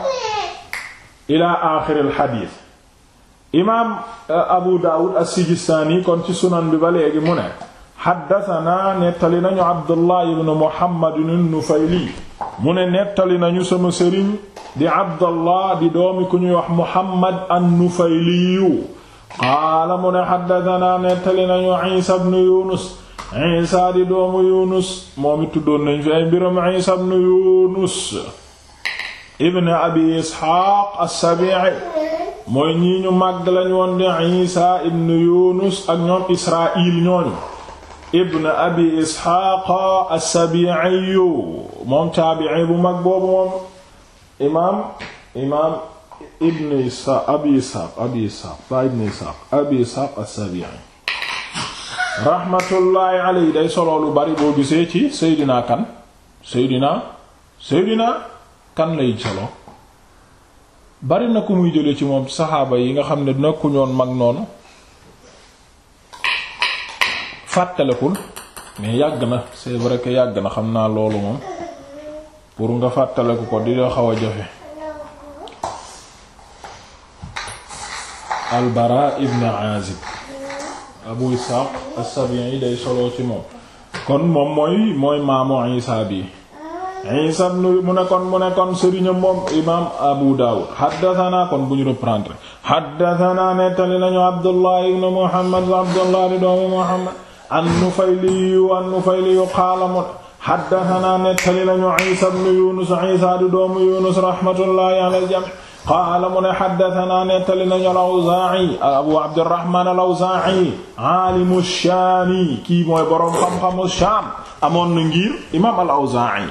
ila aaxiril xadiis imaam uh, abu daawud as-sijistaani kon ci sunan bi ba léegi mu ne xaddatanaa nettali nañu abdullah ibn muhammad an-nufayli mu ne nettali nañu sama sëriñ di abdullah di doomi ku ñuy wax muhammad an-nufayli qaala mu ne xaddatanaa nettali nañu iisa ibn yunus Isa di doomu Yunus moom it tuddoon nañ fi ay mbiram Isa ibn Yunus ibn Abi Isxaaq as-Sabi'i mooy ñii ñu màgg lañ di Isa ibn Yunus moom taabi'i bu mag boobu moom imaam imaam ibn Isa Abi Isxaaq Abi ibn Isxaaq Abi Isxaaq as-Sabi'i rahmatullahi alayhi day solo lu bari boo gisee ci Seydina kan Seydina Seydina kan lay solo bari na ku muy jële ci moom saxaaba yi nga xam ne nekkuñoon mag noonu fàttalekul mais yàgg na c'est vrai que yàgg na xam naa loolu moom pour nga fàttaleku ko di la xaw a jafe Al abu ishaq as-sabi'i day solo ci moom kon moom mooy mooy maamu isa bi isa ibn mu ne kon mu ne kon sëriñam moom imam abu dawud haddathana kon bu ñu reprendre haddathana nettali nañu abdullah ibn muhammad abdullah di doomi muhammad an nufayli yu an nufayli yu qaala mu haddathana nettali nañu isa ibn yunus isa di doomi yunus rahmatullahi ala al qaala mu ne xaddatanaa nettali nañu al-Awzaa'i Abu Abdurrahmaan al-Awzaa'i aalimu Shaami kii mooy boroom xam-xamu Shaam amoon na ngir imaam al-Awzaa'i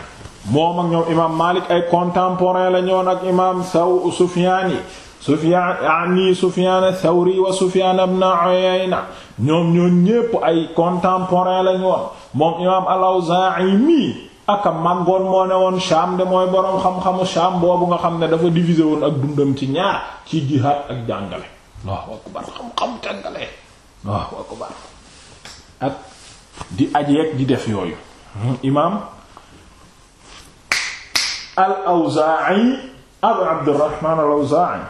moom ak ñoom imaam Maalik ay contemporain la ñoon ak imaam Saw Sufyaan yi Sufyaani Sufyaan Thawri wa Sufyaan ibn Uyayna ñoom ñoon ñépp ay contemporain la ñoon moom imaam al-Awzaa'i mi aka màggoon moo ne woon Sham de mooy boroom xam-xamu Sham boobu nga xam ne dafa divisé woon ak dundam ci ñaar ci jihaad ak jàngale waaw akbar xam-xam jàngale ak di ajeeg di def yooyu hmm, imaam al Abu Abdurrahmaan al Awzaa'i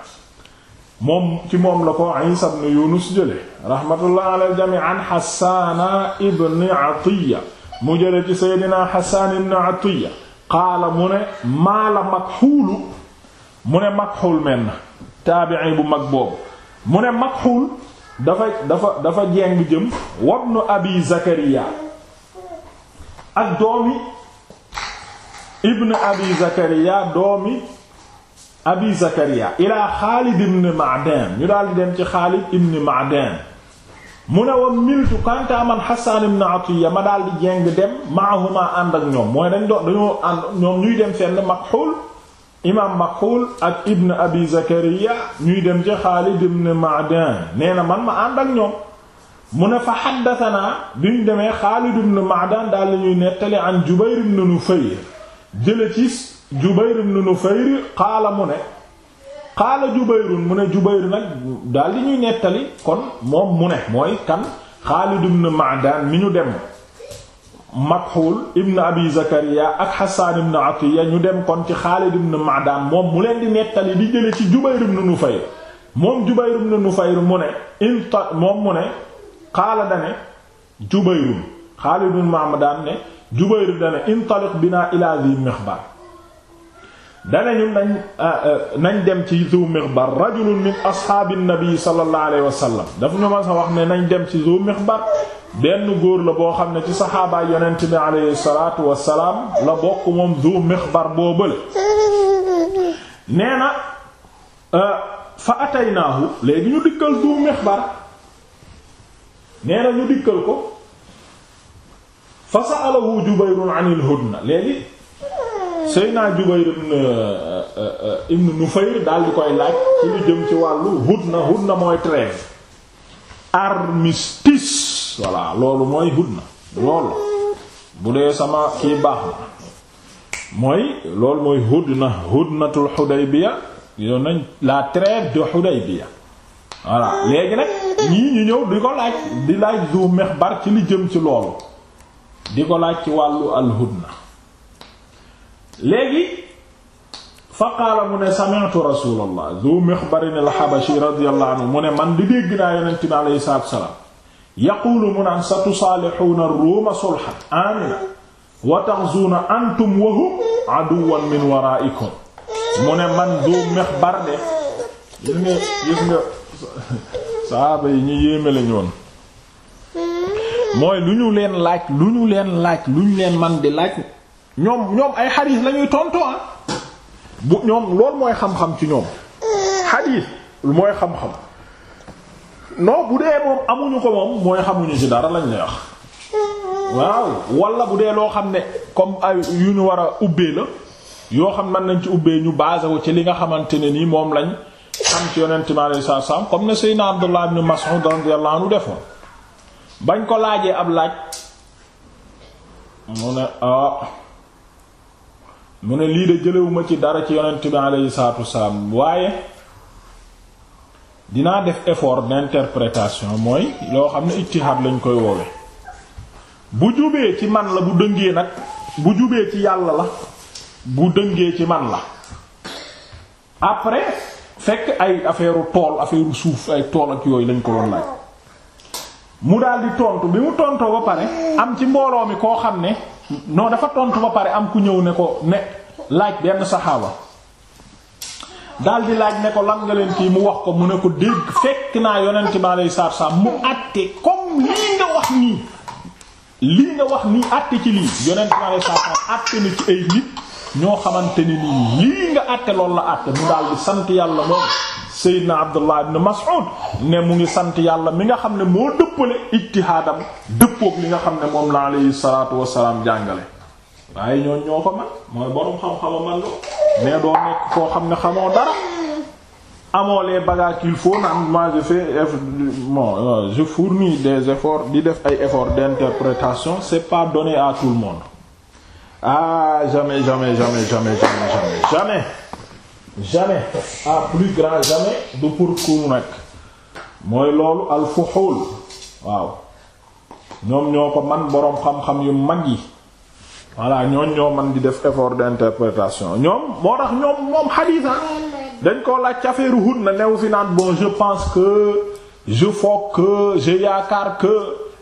moom ci moom la ko Isa ibn Yunus jële rahmatullah ala jamii an Hassan ibn Atiyya mu jële ci seydina Hassan ibn Atiya qaala mu ne maala Makxuulu mu ne Makxuul menn taabi'i bu mag boobu mu ne Makxuul dafa dafa dafa jeng jëm wabnu abi Zakariya ak doomi ibn abi Zakariya doomi abi Zakariya ilaa Xaalid ibn Ma'dan ñu daal dem ci Xaalid ibn Ma'dan mu ne wa miltu kanta man Hassan ibn ma daal di jéng dem maahuma ànd ak ñoom mooy dañ doon dañoo ànd ñoom ñuy dem seen fenn Makhul imaam Makhul ak Ibn Abi Zakariya ñuy dem ci Xaalid ibn Ma'dan nee na man ma ànd ak ñoom mu ne fa haddathanaa bi ñu demee Xaalid ibn Ma'dan daal la ñuy nettali an Jubayr ibn Nufayr jële ci Jubayr ibn Nufayr qaala mu ne qaala Jubayrun mu ne Jubayr nag daal ñuy nettali kon moom mu ne mooy kan Xaalid ibn Ma'daan mi ñu dem Makhuul ibn Abi Zakariya ak Hassaan ibn Atiyya ñu dem kon ci Xaalid ibn Ma'daan moom mu leen di nettali di jële ci Jubayr ibn Nufayr moom Jubayr ibn Nufayr mu ne inta moom mu ne qaala dane Jubayrun Xaalid ibn Ma'daan ne Jubayr dane intaliq binaa ilaa Dhi dana ñun nañ ah, ah, nañ dem ci Zu Mixbar rajulun min ashaabi nabi sallallahu alayhi wa sallam dafa ñu ma sa wax ne nañ dem ci Zu Mixbar benn góor la boo xam ne ci saxaabaa yonent bi alayhi salaatu wa salaam la bokk moom Zu Mixbar boo bële nee ah, fa ataynaahu léegi ñu dikkal Zu Mixbar nee na ñu dikkal ko fa sa'alahu Jubayrun anil hudna léegi Seyna Jubayr ibn euh, euh, euh, ibn Nufayr daal di koy laaj ci lu jëm ci wàllu hudna hudna mooy trêve armistice voilà loolu mooy hudna loolu bu dee sama kii baax na mooy loolu mooy hudna hudnatul Hudaybiya yoon nañ la trêve de Hudaybiya voilà léegi nag ñii ñu ñëw di ko laaj di laaj du Mixbar ci li jëm ci loolu di ko laaj ci wàllu al hudna léegi fa qaala mu ne sami'tu rasulallah zu mixbarin alxabashi radiyallahu anhu mu ne man di dégg naa yonent bi aleyhi salaatu wasalaam yaquulu mu naan sa tusaalixuuna ruuma sulhan amina wa taxzuuna antum wa hum aduwan min waraa'ikum mu ne man zu mixbar de gis yi ñu yéeme lañu woon mooy lu ñu leen laaj lu ñu leen laaj lu ñu leen man di laaj ñoom ñoom ay xadiis lañuy tontu ah. bu ñoom loolu mooy xam-xam ci ñoom xadiis mooy xam-xam non bu dee moom amuñu ko moom mooy xamuñu ci dara lañ lay wax waaw wala bu dee loo xam ne comme ay yu ñu war a ubbee la yoo xam man nañ ci ubbee ñu baase wu ci li nga xamante ne nii moom lañ am ci yonent mi alayhi salaatu salaam comme ne Seydina Abdullah ibn Mas'ud radiyallahu anhu defoon bañ ko laajee ab laaj mu ne ah. mu ne lii de jëlewuma ci dara ci yonent bi aleyhi salaatu wasalaam waaye dinaa def effort d'interprétation mooy loo xam ne ijtihaad lañ koy woowe bu jubee ci man la bu dëngee nag bu jubee ci yàlla la bu dëngee ci man la après fekk ay affaire tool affaire suuf ay tool ak yooyu lañ ko doon laaj mu daldi tontu bi mu tontoo ba pare am ci mbooloo mi koo xam ne non dafa tontu ba pare am ku ñëw ne ko ne laaj benn saxaaba daal di laaj ne ko lan nga leen kii mu wax ko mu ne ko dégg fekk naa yonent bi alayhi salaatu salaam mu àtte comme lii nga wax nii lii nga wax nii àtte ci lii yonent bi alayhi salaatu àtte na ci ay nit ñoo xamante ni nii lii nga àtte loolu la àtte mu daal sant yàlla loolu Seydina Abdullah ibn Mas'ud ne mu ngi sant yàlla mi nga xam ne moo dëppale ijtihaadam dëppook li nga xam ne moom la alayhi salaatu wassalaam jàngale waaye ñoo ñoo ko man mooy boroom xam-xama man mais doo nekk koo xam ne xamoo dara amoo les bagages qu'il faut naan moi je fais bon euh, je fournis des efforts di def ay efforts d'interprétation c'est pas donné à tout le monde ah jamais jamais jamais jamais jamais jamais jamais à plus grand jamais du pour ku nag mooy loolu al fuxuul waaw ñoom ñoo ko man boroom xam-xam yu mag yi voilà ñooñ ñoo man di def effort d'interprétation ñoom moo tax ñoom moom xadiisa ah. dañ ko laaj affaire hut na new fi naan bon je pense que je foog que je yaakaar que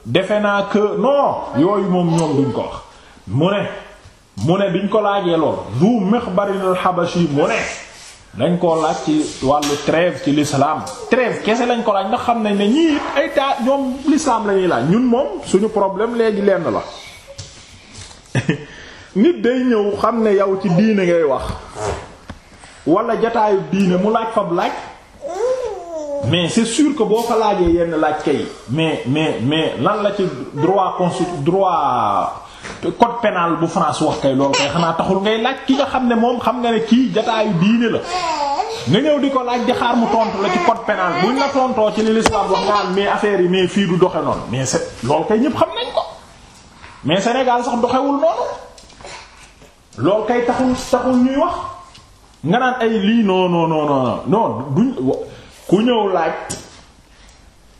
defe naa que non yooyu moom ñoom duñ ko wax mu ne mu ne biñ ko laajee lool zu Mixbarin al-Habashi mu ne dañ koo laaj ci wàllu trêve ci l'islam trêve kese lañ ko laaj ndax xam nañ ne ñii it ay taa ñoom l'islam la laaj ñun moom suñu problème léegi lenn la nit day ñëw xam ne yow ci diine ngay wax wala jataayu diine mu laaj fab laaj mais c'est sûr ko boo ko laajee yenn laaj kay mais mais mais lan la ci droit constitution droit code pénal bu France wax kay loolu kay xanaa taxul ngay laaj ki nga xam ne moom xam nga ne kii jataayu diine la nga ñëw di ko laaj di xaar mu tontu la ci code pénal buñ la tontoo ci li l'islam wax naan mais affaire yi mais fii du doxe noonu mais c'est loolu kay ñëpp xam nañ ko mais senegal sax doxewul noonu loolu kay taxul taxul ñuy wax nga naan ay lii non non non non non ku ñëw laaj.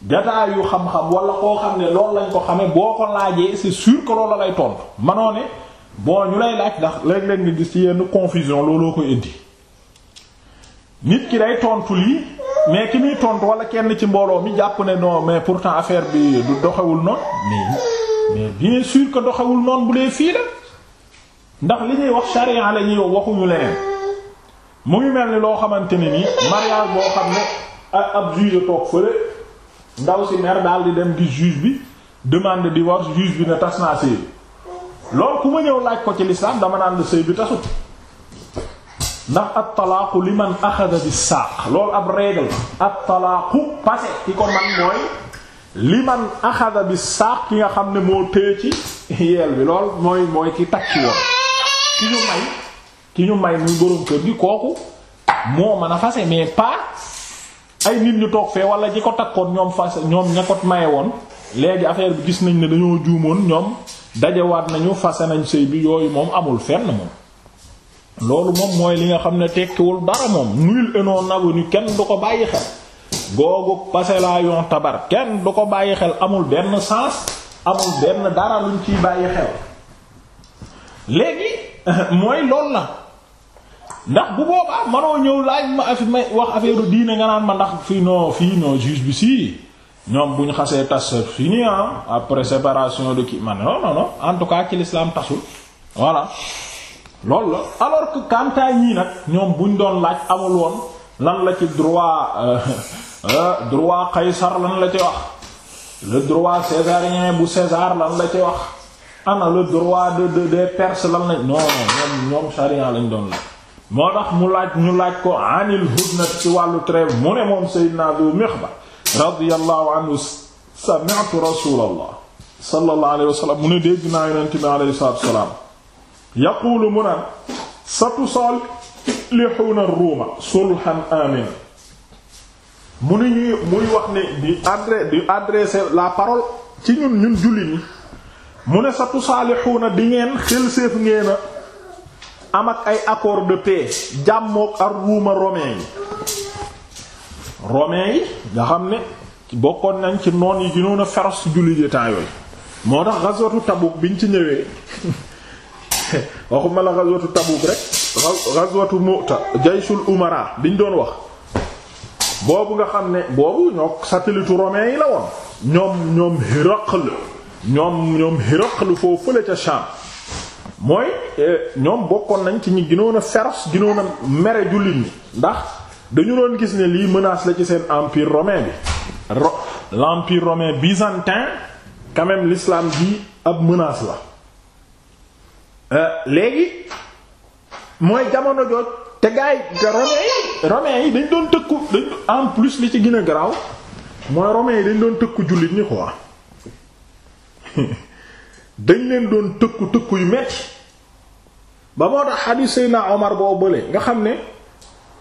jataayu xam-xam wala koo xam ne loolu lañ ko xamee boo ko laajee c'est sûr que loolu lay tontu manoo ne bon ñu lay laaj ndax léeg-léeg gis ci yenn confusion looloo koy indi nit ki day tontu lii mais ki muy tontu wala kenn ci mbooloo mi jàpp ne non mais pourtant affaire bi du doxewul noonu mais mais doxewul noonu bu dee fii la ndax li ñuy wax charia la ñuy waxuñu leneen mu ngi mel ni loo xamante ne nii mariage boo xam ne ab juge toog fële. ndaw si mer daal di dem di juge bi demande divorce juge bi ne tas naa sëy bi ku ma ñëw laaj ko ci lislaam dama naan sëy bi tasut ndax at li man axada bi saaq loolu ab règle at talaaqu passé ki ko man mooy li man axada bi saaq ki nga xam ne moo téye ci yeel bi lool mooy mooy ki takki woon ki ñu may ki ñu may muy borom kër gi kooku moo mën a fase mais pas ay nit ñu toog fee wala ñi ko takkoon ñoom fas ñoom ña ko maye woon léegi affaire bi gis nañ ne dañoo juumoon ñoom dajawaat nañu fase nañ sëy bi yooyu moom amul fenn moom loolu moom mooy li nga xam ne tekkiwul dara moom nul et non avenu kenn du ko bàyyi xel googu passé la tabar kenn du ko bàyyi xel amul benn sens amul benn dara luñ ciy bàyyi xel léegi mooy loolu la ndax bu boobaa manoo ñëw laaj ma affaire may wax affaire diine nga naan ma ndax fii non fii non juge bi si ñoom bu ñu xasee tas fini ah après séparation de kii man non non non en tout cas ci l'islam tasul voilà loolu la alors que kantaa ñii nag ñoom buñ doon laaj amul woon lan la ci droit euh, euh, droit Qaysar lan la ci wax le droit césarien bu César lan la ci wax ana le droit de de des Perses lan la non non ñoom ñoom lañ doon laaj. moo mu laaj ñu laaj ko anil hudnat ci wàllu trêve mu ne moom sayyidina Abu Mihba radiyallahu anhu sami'tu rasulallah sallallahu alayhi wasallam mu ne dégg naa yonent bi alayhi salaatu wasalaam yaquulu mu naan satusallihuuna ruuma sulhan aamina mu ne ñuy adresser la parole ci ñun ñun julli ñi mu ne satusallihuuna di ngeen xel séef ngeen a am ak ay accord de paix jàmmook ak ruuma romain yi romain yi nga xam ne bokkoon nañ ci noon yi gënoon a féroce jullit yi temps yooyu moo tax ghazwatu Tabuk biñ ci ñëwee waxuma la ghazwatu Tabuk rek ghazwatu Mu'ta jayshul umara biñ doon wax boobu nga xam ne boobu ñoo satellite romain yi la woon ñoom ñoom Hiraql ñoom ñoom Hiraql foofu fële ca Sham mooy euh, ñoom bokkoon nañ ci ñi gënoon a féroce gënoon a mere jullit ñi ndax dañu doon gis ne lii menace la ci seen empire romain bi ro l'empire romain byzantin quand même l'islam bi ab menace la euh, léegi mooy jamono jooj te gaay romain romain yi dañ doon tëkku dañ en plus li ci gën a garaaw mooy romain yi dañ doon tëkku jullit ñi quoi dañ leen doon tëkku tëkku yu metti ba moo tax xadiis Seydina Omar boo bële nga xam ne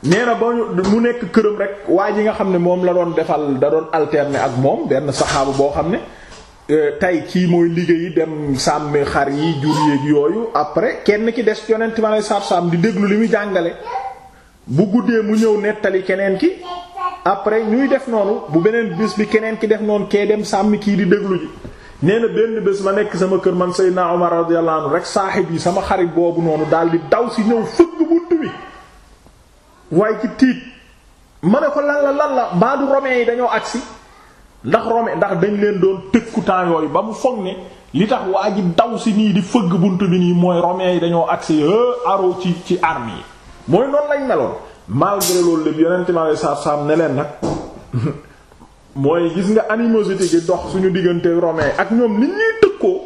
nee na ba mu nekk këram rek waa ji nga xam ne moom la doon defal da doon alterner ak moom benn saxaaba boo xam ne euh, tey kii mooy liggéeyi dem sàmmi xar yi jur yéeg yooyu après kenn ki des yonent ma lay saab saab di déglu li muy jàngale bu guddee mu ñëw nettali keneen ki après ñuy def noonu bu beneen bis bi keneen ki def noonu kee dem sàmmi kii di déglu ji nee na benn bés ma nekk sama kër man Seydina naa radiyallahu anhu rek saaxib yi sama xarit boobu noonu daal di daw si ñëw fëgg bunt bi waaye ci tiit ma ne ko lan la lan la baadu romains yi dañoo agsi ndax romains ndax dañ leen doon tëkku temps yooyu ba mu foog ne li tax waa ji daw si nii di fëgg bunt bi nii mooy romains yi dañoo agsi aro ci ci armes yi mooy noonu lañ meloon malgré loolu lépp yonente mi alei saatu salaam ne nag mooy gis nga animosité gi dox suñu diggante romain ak ñoom nit ñuy tëkkoo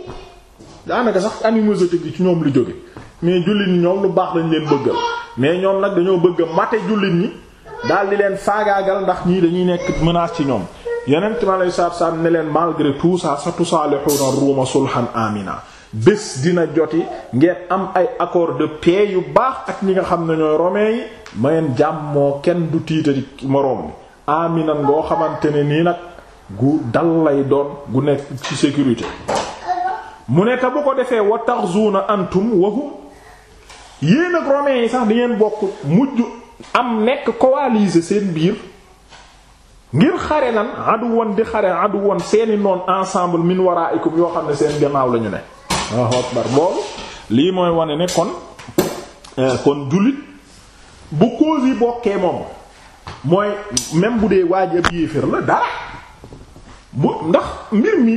daanaka sax animosité gi ci ñoom lu jóge mais jullit ñi ñoom lu baax lañ leen bëggal mais ñoom nag dañoo bëgg a mate jullit ñi daal di leen faagaagal ndax ñii dañuy nekk menace ci ñoom yeneen mi aleyi saatu salaam ne leen malgré tout ça sa tusaalihuuna ruuma sulhan amina bés dina joti ngeen am ay accord de paix yu baax ak ñi nga xam ne ñooy romain yi jàmm moo kenn du tiitati moroom aminan ngoo xamante ne nii nag gu dal lay doon gu nekk ci sécurité mu ne ta bu ko defee wa taxzuuna antum wahum yéen ak romains yi sax di ngeen bokk mujj am nekk coalisé seen biir ngir xare lan aduwan di xare aduwan seeni noon ensemble min waraikum yoo xam ne seen gannaaw lañu ñu ne waaw akbar loolu lii mooy wane ne kon eh, kon bu cause yi bokkee moom mooy même bu dee waaj ab yéeféer la dara bu ndax mbir mi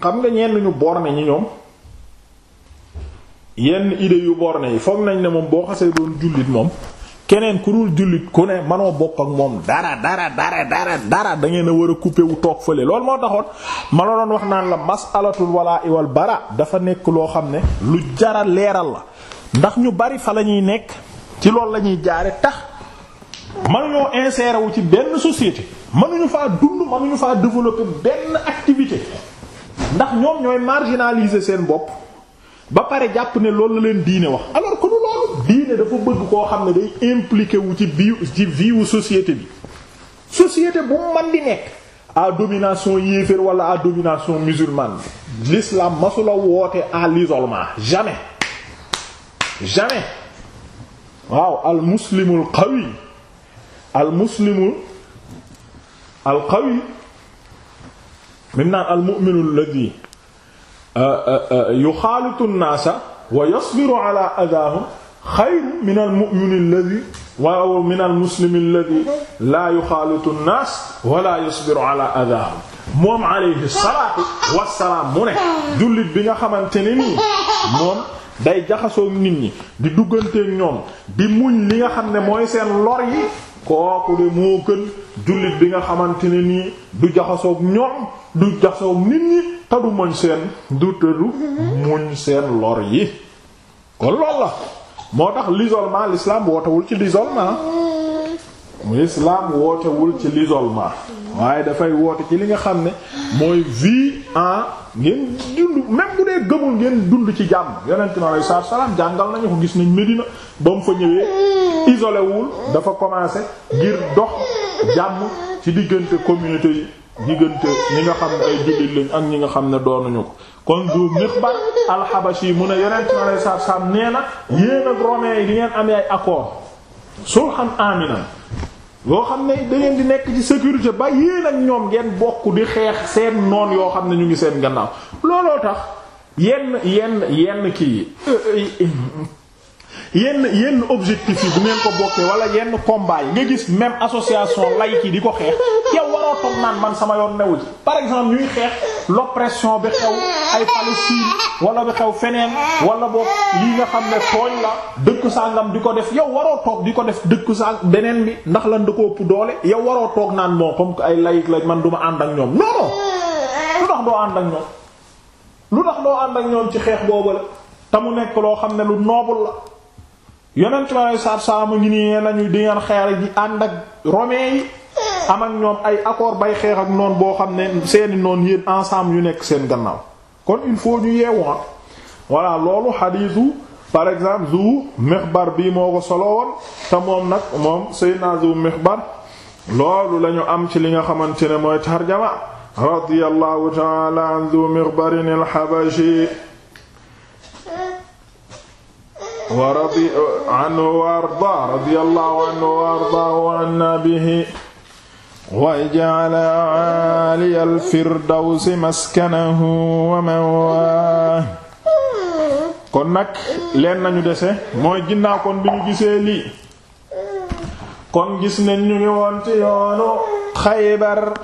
xam nga ñenn ñu borne ñi ñoom yenn idée yu borne yi foog nañ ne moom boo xasee doon jullit moom keneen ku dul jullit ku ne manoo bokk ak moom dara dara dara dara dara da ngeen war a couper wu toog fële loolu moo taxoon ma la doon wax naan la masalatul wala iwal bara dafa nekk loo xam ne lu jara leeral la ndax ñu bari fa la ñuy nekk ci loolu la ñuy jaare tax mënuñoo insérer wu ci benn société mënuñu faa dund mënuñu faa développer benn activité ndax ñoom ñooy marginaliser seen bopp ba pare jàpp ne loolu la leen diine wax alors que du loolu diine dafa bëgg koo xam ne day impliqué wu ci biir ci vie société bi société bu man di nekk à domination yéeféer wala à domination musulmane l'islam masula woote à l'isolement jamais jamais waaw al muslimul qawi al muslimu al qawi mim naan al mu'minu alladhi uh, uh, uh, yuxaalitu an-naasa wa yasbiru ala adaahum xayrun min al mu'mini alladhi waaw min al muslimi alladhi laa yuxaalitu an-naas wa laa yasbiru ala adaahum moom alayhi salaatu wassalaam mu ne jullit bi nga xamante ne nii moom day jaxasoog nit ñi di dugganteeg ñoom di muñ li nga xam ne mooy seen lor yi kooku de moo gën jullit bi nga xamante ne nii du jaxasoog ñoom du jaxasoog nit ñi te du muñ seen du tëdu muñ seen lor yi kon lool la moo tax l'isolement l'islam wootewul ci l'isolement l'islam wootewul ci l'isolement waaye dafay woote ci li nga xam ne mooy vie en ngeen dund même bu dee gëmul ngeen dund ci jàmm yonent mi alayhi salaatu salaam jàngal nañu ko gis nañ Medina ba mu fa ñëwee isolé wul dafa commencé ngir dox jàmm ci diggante communauté yi diggante ñi nga xam ne ay jullit ak ñi nga xam ne doonuñu ko kon du Mixbar al-Habashi mu ne yonent mi alayhi salaatu salaam nee na yéen ak romain yi di ngeen amee ay accord sulhan aminan yoo xam ne da di nekk ci sécurité ba yéen ak ñoom ngeen bokk di xeex seen noon yoo xam ne ñu ngi seen gannaaw looloo tax yenn yenn yenn kii yenn yenn objectif yi bu ngeen ko bokkee wala yenn combat yi nga gis même association laïque yi di ko xeex yow waroo toog naan man sama yoon newu ji par exemple ñuy xeex l'oppression bi xew ay Palestine wala bi xew feneen wala boog lii nga xam ne tooñ la dëkk sangam di ko def yow waroo toog di ko def dëkk sang beneen bi ndax lan da ko ëpp doole yow waroo toog naan moo comme que ay laïque lañ man du ma ànd ak ñoom non non lu tax doo ànd ak ñoom lu tax doo ànd ci xeex boobu la mu nekk loo xam ne lu noble la. yonent mi alei saatu salaam a ngi nii nañu di ngeen xeer ji ànd ak romain yi am ak ñoom ay accord bay xeex ak noon boo xam ne seeni noon yéen ensemble yu nekk seen gannaaw kon il faut ñu yeewoon ah. voilà loolu xadiisu par exemple Zu Mixbar bii moo ko solo woon te moom nag moom Seydina Zu Mixbar loolu lañu am ci li nga xamante ne mooy tarjama radiyallahu ta'ala an Zu Mixbarin al-Habashi wa radi anhu wa ardaa radiyallahu anhu wa ardaahu anna bihi wa ja'ala 'aaliya al-firdawsi maskanahu wa mawaahu kon nag leen nañu dese mooy ginnaaw kon bi ñu gisee lii kon gis ne ñu ngi woon ci yoonu Xaybar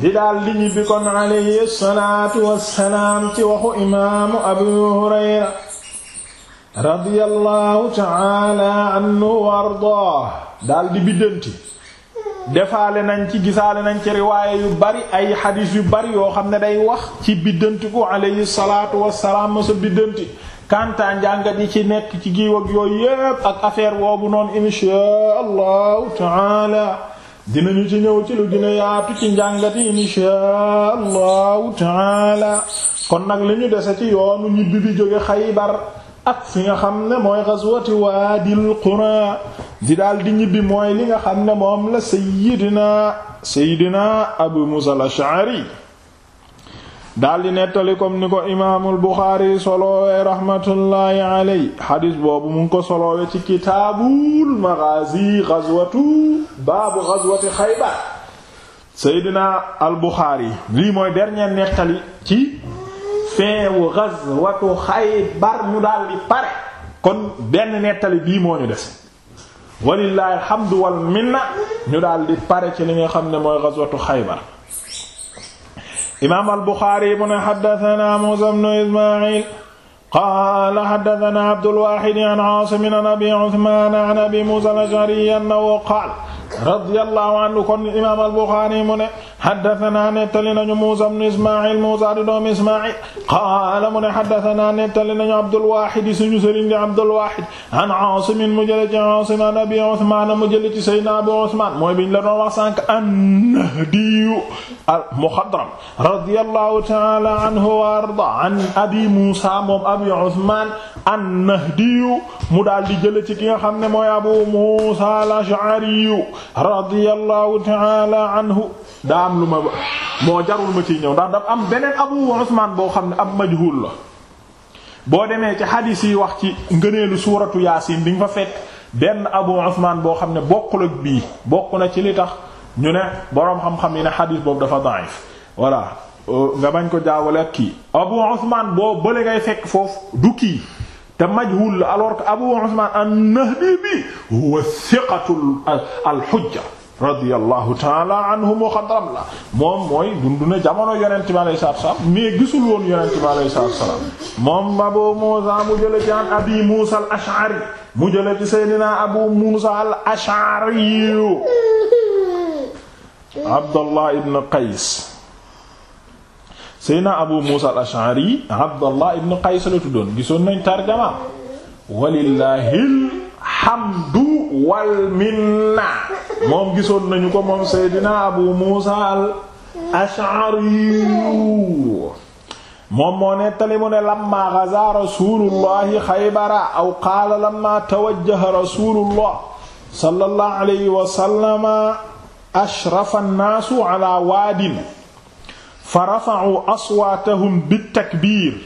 di daal li ñi bi kon alayhi salaatu wassalaam ci waxu imaamu Abu Hurayra radiyallahu ta'ala anhu wa ardaah daal di biddanti defaale nañ ci gisaale nañ ci riwaaya yu bari ay xadiis yu bari yoo xam ne day wax ci biddantiku alayhi salaatu wassalaam ma sa biddanti kantaa njàngat yi ci nekk ci giiw ak yooyu yépp ak affaire woobu noonu inshaa allahu taala dinañu ci ñëw ci lu gën yaatu ci njàngat inshaa allahu taala kon nag li ñu dese ci yoonu ñibbi bi jóge Xaybar ak fi nga xam ne mooy ghazwati waadil qura di daal di ñibbi mooy li nga xam ne moom la sayyidina sayyidina abu musa al-ash'ari daal di nettali comme ni ko imaamul buxaari solowee rahmatullahi aley xadis boobu mu ngi ko solowee ci kitaabul maghazi ghazwatu baabu ghazwati xaybar seydina al buxaari lii mooy dernier nettali ci fin wu ghazwatu Xaybar ñu daal di pare kon benn nettali bii moo ñu des walillahi alhamdu wal minna ñu daal di pare ci li nga xam ne mooy ghazwatu Xaybar imaam al-Buxaari mu ne haddathana Muusaa ibn Ismaa'iil qaala haddathana Abdul Waahid an Aasim an Abi Usmaan an Abi Muusaa al-Ash'ari annahu qaala radiyallahu anhu kon imaam al-Buxaari mu ne haddasanaa nettali nañu Muusaa ibn Ismaa'il Muusaa di doomu Ismaa'il qaala mu ne haddasanaa nettali nañu Abdul Waahid suñu sëriñ di Abdul Waahid an Aasim mu jële ci Aasim an Abi Usmaan mu jële ci Sayyidinaa Abu Usmaan mooy biñ la doon wax sànq an-Nahdi al-Muxadram radiyallahu ta'aala anhu wa ardaa an Abi Muusaa moom Abi Usmaan an-Nahdi mu daal di jële ci ki nga xam ne mooy Abu Muusaa al-Ash'ari radiyallahu ta'ala anhu daa am lu ma moo jarul ma ciy ñëw ndax daf am beneen abu usman boo xam ne ab majhul la boo demee ci xadiis yi wax ci ngëneelu suuratu yaasin di nga fa fekk benn abu usman boo xam ne bokkul ak bii bokk na ci li tax ñu ne boroom xam-xam yi ne xadiis boobu dafa da'if voilà euh, nga bañ ko jaawale ak kii abu usman boo bële ngay fekk foofu du kii te majhul la alors que Abu Usman an-Nahdi huwa thiqatul al-hujja radiyallahu ta'ala anhum wa xadram la moom mooy dund na jamono yonent bi alayhi salaatu wa salaam mais gisul woon yonent bi alayhi salaatu wa salaam moom Abu Muusa mu jële ci an Abi Muusa al-Ash'ari mu jële ci Seydina Abu Muusa al-Ash'ari Abdullah ibn Qays Seyna Abu Musa al-Ash'ari Abdallah ibn Qays la tuddoon nañ tarjama walillahil hamdu wal moom gisoon nañu ko moom Seydina Abu Musa al-Ash'ari moom moo nettali mu lamma ghaza rasulullahi Xaybara aw qaala lamma tawajjaha rasulullah sallallahu alayhi wa sallama ashrafa an-naasu ala waadin fa rafa'u aswaatahum bittakbiir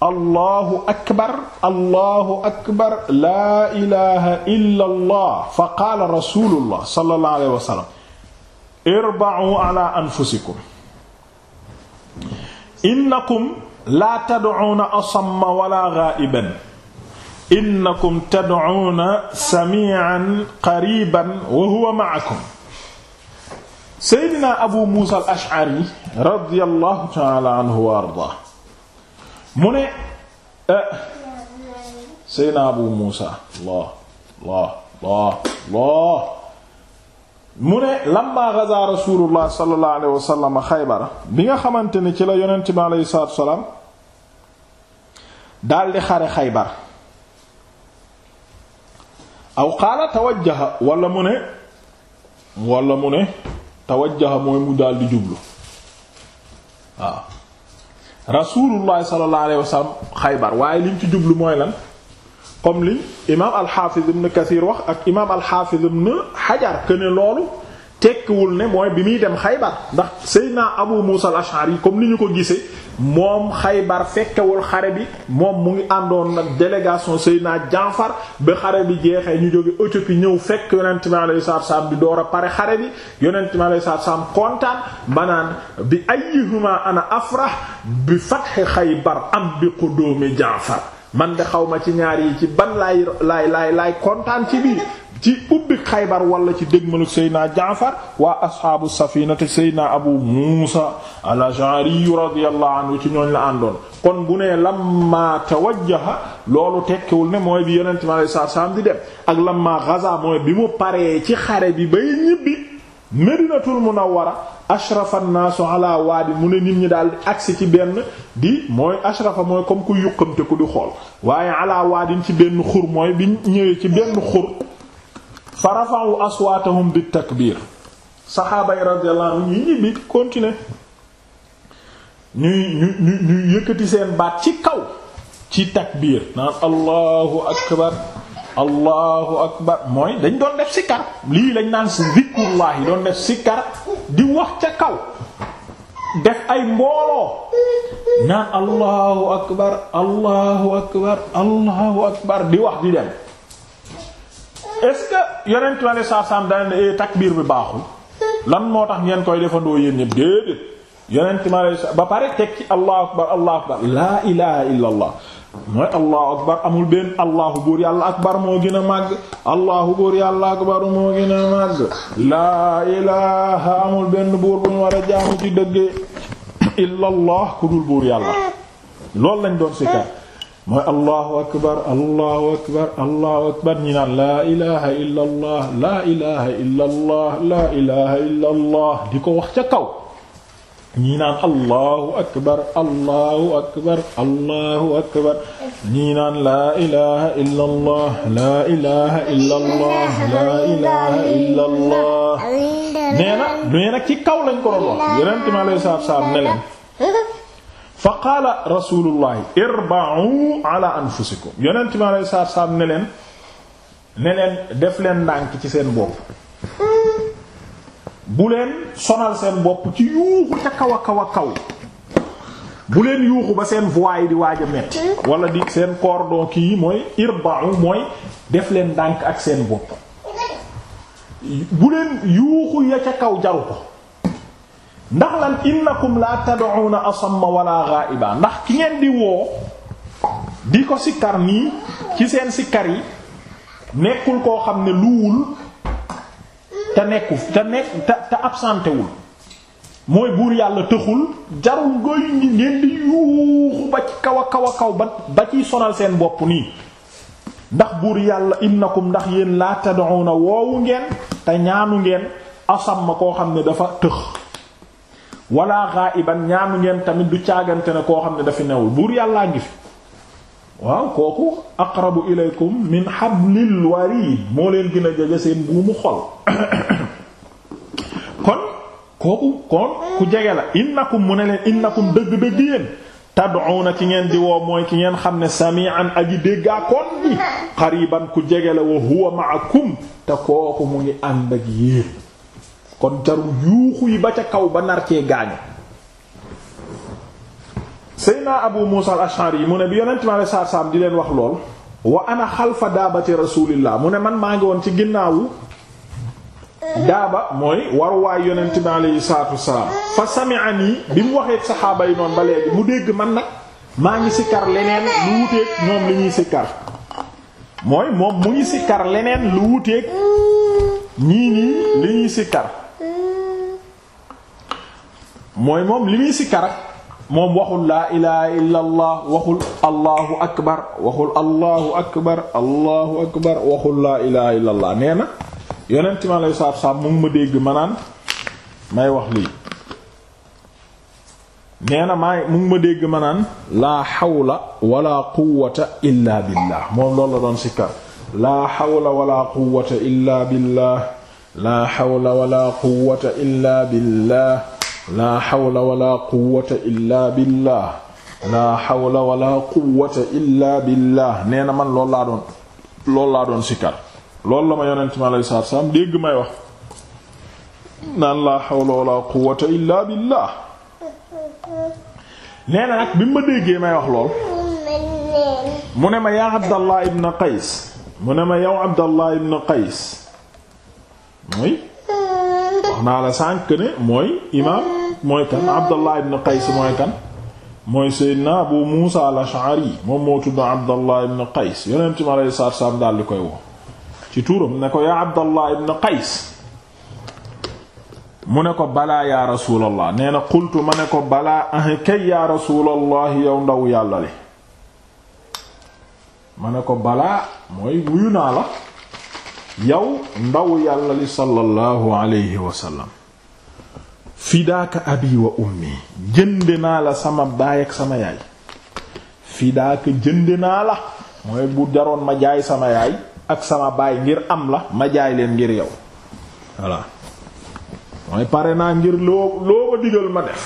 allahu akbar allahu akbar laa ilaha illa allah fa qaala rasulullah sallallahu alayhi wa sallam irba'u ala anfusikum innakum laa tad'uuna asamma wala ghaa'iban innakum tad'uuna samii'an qariiban wa huwa ma'akum seydina abu muusa al ashari radiallahu taala anhu wa ardaa mu ne eh, seydina abu muusa allah allah allah allah mu ne lamma gaza rasulullah sallallahu alayhi wa sallam xaybara bi nga xamante ne ci la yonent bi alayhi salaatu wasalaam daldi xare xaybar aw qaala tawajjaha wala mu ne wala mu ne tawajjaha mooy mu daal di jublu waaw rasulullah sallallahu alayhi wasallam xaybar waaye liñ ci jublu mooy lan comme li imaam alxaafiz ibn kathir wax ak imaam alxaafiz ibn xajar këne loolu tekkiwul ne mooy bi muy dem xaybar ndax Seydina Abu Musa al yi comme ni ñu ko gisee moom xaybar fekkewul xare bi moom mu ngi àndoon nag délégation Seydina Jaafar ba xare bi jeexee ñu jóge Éthiopie ñëw fekk yonent mi alayhi salaatu salaam bi door a pare xare bi yonent mi alayhi salaatu salaam kontaan banaan bi ayyuhuma ana afrah bi fathi xaybar am bi qudoomi Jaafar man de xawma ci ñaar yi ci ban laay laay laay laay kontaan ci bii ci ubbi xaybar wala ci dégmaluk seydna jaafar waa asxaabu safinati seydna abu muusa al-ash'ari radiyallahu anhu ci ñooñ la àndoon kon bu ne lamma tawajjaha loolu tekkiwul ne mooy bi yonente mi alei satu salaam di dem ak lamma gaza mooy bi mu paree ci xare bi bay ñibbi medinatul munawwara a war ala waadi mu ne nit ñi daal di agsi ci benn di mooy ashrafa mooy comme ku yuqamte ku di xool waaye ala waadin ci benn xur mooy bi ñëwee ci benn xur fa rafa'u aswaatahum bi takbiir saxaaba yi radiyallahu ñibbi continuer ñuy ñu ñu ñuy yëkkati seen baat ci kaw ci takbiir naan allahu akbar allahu akbar mooy dañ doon def sikkar lii lañ naan si zikrullahi doon def kar di wax ca kaw def ay mbooloo naan allahu akbar allahu akbar di wax di dem est-ce que yonent ma ne saa saam takbiir bi baaxul lan moo tax ngeen koy defandoo yéen ñëpp déedéet yonent ma ba pare teg ci allahu akbar allahu akbar laa ilaaha illallah mooy allahu amul benn buur yàlla akbar moo gën a màgg yàlla akbar moo gën a benn buur ci dëggee illa ku dul buur yàlla loolu lañ doon sikkar mooy allahu akbar allahu akbar allahu akbar ñi naan laa ilaha illa allah laa ilaha illa allah laa ilaha illa allah di ko wax ca kaw ñii naan allahu akbar allahu allah laa ilaha illa allah laa ilaha illa allah nee na nee na ci kaw lañ ko doon wax yonent mi alayhi salaatu salaam ne leen fa qaala rasulullahi irba'u ne leen ne leen def leen ndànk ci seen bopp bu leen sonal seen bopp ci yuuxu ca kaw a kaw a kaw bu yuuxu ba seen voix yi di waaj metti wala di seen cordon kii mooy irba'u mooy def leen dànk ak seen bopp bu yuuxu ya ca kaw jaru ko ndax lan innakum la tad'una asamma wala ghaiba ndax ki ngeen di woo di ko sikkar nii ci seen sikkar yi nekkul koo xam ne luwul te nekku te nekk te te absenté wul mooy buur yàlla tëxul jarul goy ngeen di yuuxu ba ci kaw a kaw a kaw ba ba ciy sonal seen bopp nii ndax buur yàlla innakum ndax yéen laa na woowu ngeen te ñaanu ngeen asamma koo xam ne dafa tëx wala ghaiban ñaanu ngeen tamit du caagante ne koo xam ne dafa newul buur yàllaa ngi fi waaw kooku aqrabu ilaykum min hablil warid moo leen gën a jege seen buumu xol kon kooku kon ku jege la innakum mu ne leen innakum dëgg-dëgg yéen na ki ngeen di woo mooy ki ngeen xam ne ak yi déggaakoon bi qariban ku jege la wa huwa ma'akum te kooku mu ngi ànd ak yéen kon jarul yuuxu yi ba ca kaw ba nar cee gaañu Seyna Abu Musa al yi mu ne bi yonent ma la saar saam di leen wax lool wa ana xalfa daabati rasulillah mu ne man maa ngi woon ci ginnaawu daaba mooy waruwaay yonent bi alayhi salaatu wasalaam fa sami'ani bi mu waxee saxaaba yi noonu ba léegi mu dégg man nag maa ngi sikkar leneen lu wuteeg ñoom li ñuy sikkar mooy moom leneen lu wuteeg ñii nii li ñuy sikkar mooy moom waxul la ilaha illa allah waxul allahu akbar waxul allahu akbar allahu akbar waxul laa ilaha illa allah nee na yonent mi alei salatu salaam ma dégg ma may wax lii nee na maay mu ma dégg ma la laa xawla wala quwata illa billah moom loolu la doon sikkar la xawla wala quwata illa billah laa xawla wala quwata illa billah laa hawla wala quwwata illaa billah laa hawla wala quwwata illaa billah nee na man loolu laa doon loolu laa doon sikkar loolu la ma yonent mi alayhi salaatu salaam dégg may wax naan laa hawla wala quwwata illaa billah nee na nag bi ma déggee may wax lool mu ne ma yaa Abdallah ibn Qays mu ne ma yow Abdallah ibn Qays mooy wax naa la sànk ne mooy imaam mooy kan Abdallah ibn Qays mooy kan mooy Seydina Abu Muusa al moom moo tudd Abdallah ibn Qays yonent mi alayhi salaatu salaam daal di koy woo ci turam ne ko yaa Abdallah ibn Qays mu ne ko balaa yaa rasuulallah nee na qultu ma ne ko balaa ah kay yaa ndaw yàlla li ko balaa mooy wuyu naa la yow ndaw yàlla li sallallahu alayhi wa fidaaka abi wa ummi jënde naa la sama baay ak sama yaay fidaaka jënde naa la mooy bu jaroon ma jaay sama yaay ak sama baay ngir am la ma jaay leen ngir yow voilà mooy pare naa ngir loo loo ma digal ma def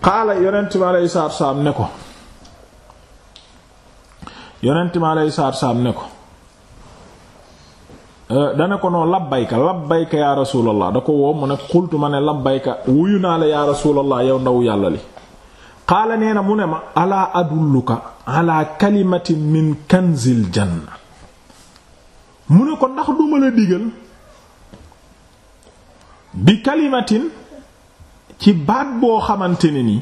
xaala yonent mi aleyhi salaatu salaam ne ko yonent mi aleyhi salaatu salaam ne ko Euh, dana ko noo labbayka labbayka yaa rasulallah da ko woo mu ne xultu ma ne labbayka wuyu naa la yaa rasulallah yow ndaw yàlla li qaala nee na mu ne ma alaa adulluka alaa kalimatin min kanzil mu ne ko ndax duma la digal bi kalimatin ci baat boo xamante ne ni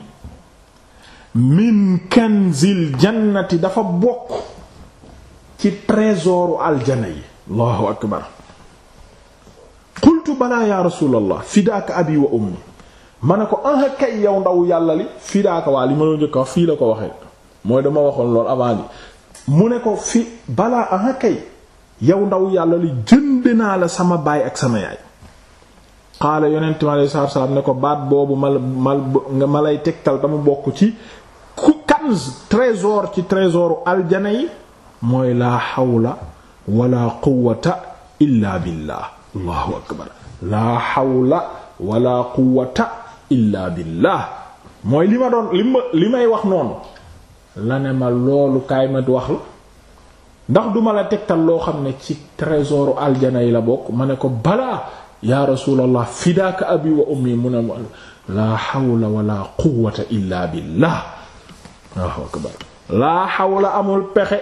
min kanzil jannati dafa bokk ci trésoru aljana yi allahu akbar qultu balaa ya rasulallah fidaaka abi wa ummi ma ne ko ah kay yow ndaw yàlla li fidaaka waa li ma doon njëkk fii la ko waxee mooy dama waxoon loolu avant li mu ne ko fi balaa ah kay yow ndaw yàlla li jënd naa la sama baay ak sama yaay xaala yonent mi ne ko baat boobu mal mal ma lay tegtal dama bokk ci ku kanz trésor ci trésoru aljana yi mooy laa la wala quwwata illa billah allahu akbar laa hawla wala quwwata illa billah mooy li ma doon li ma li may wax noonu la ne ma loolu kaay ma wax la ndax duma la tegtal loo xam ne ci trésoru aljana yi la bokk ma ne ko balaa yaa rasulallah fidaaka abi wa ummi mu ne laa hawla wala quwwata illa billah laa hawla amul pexe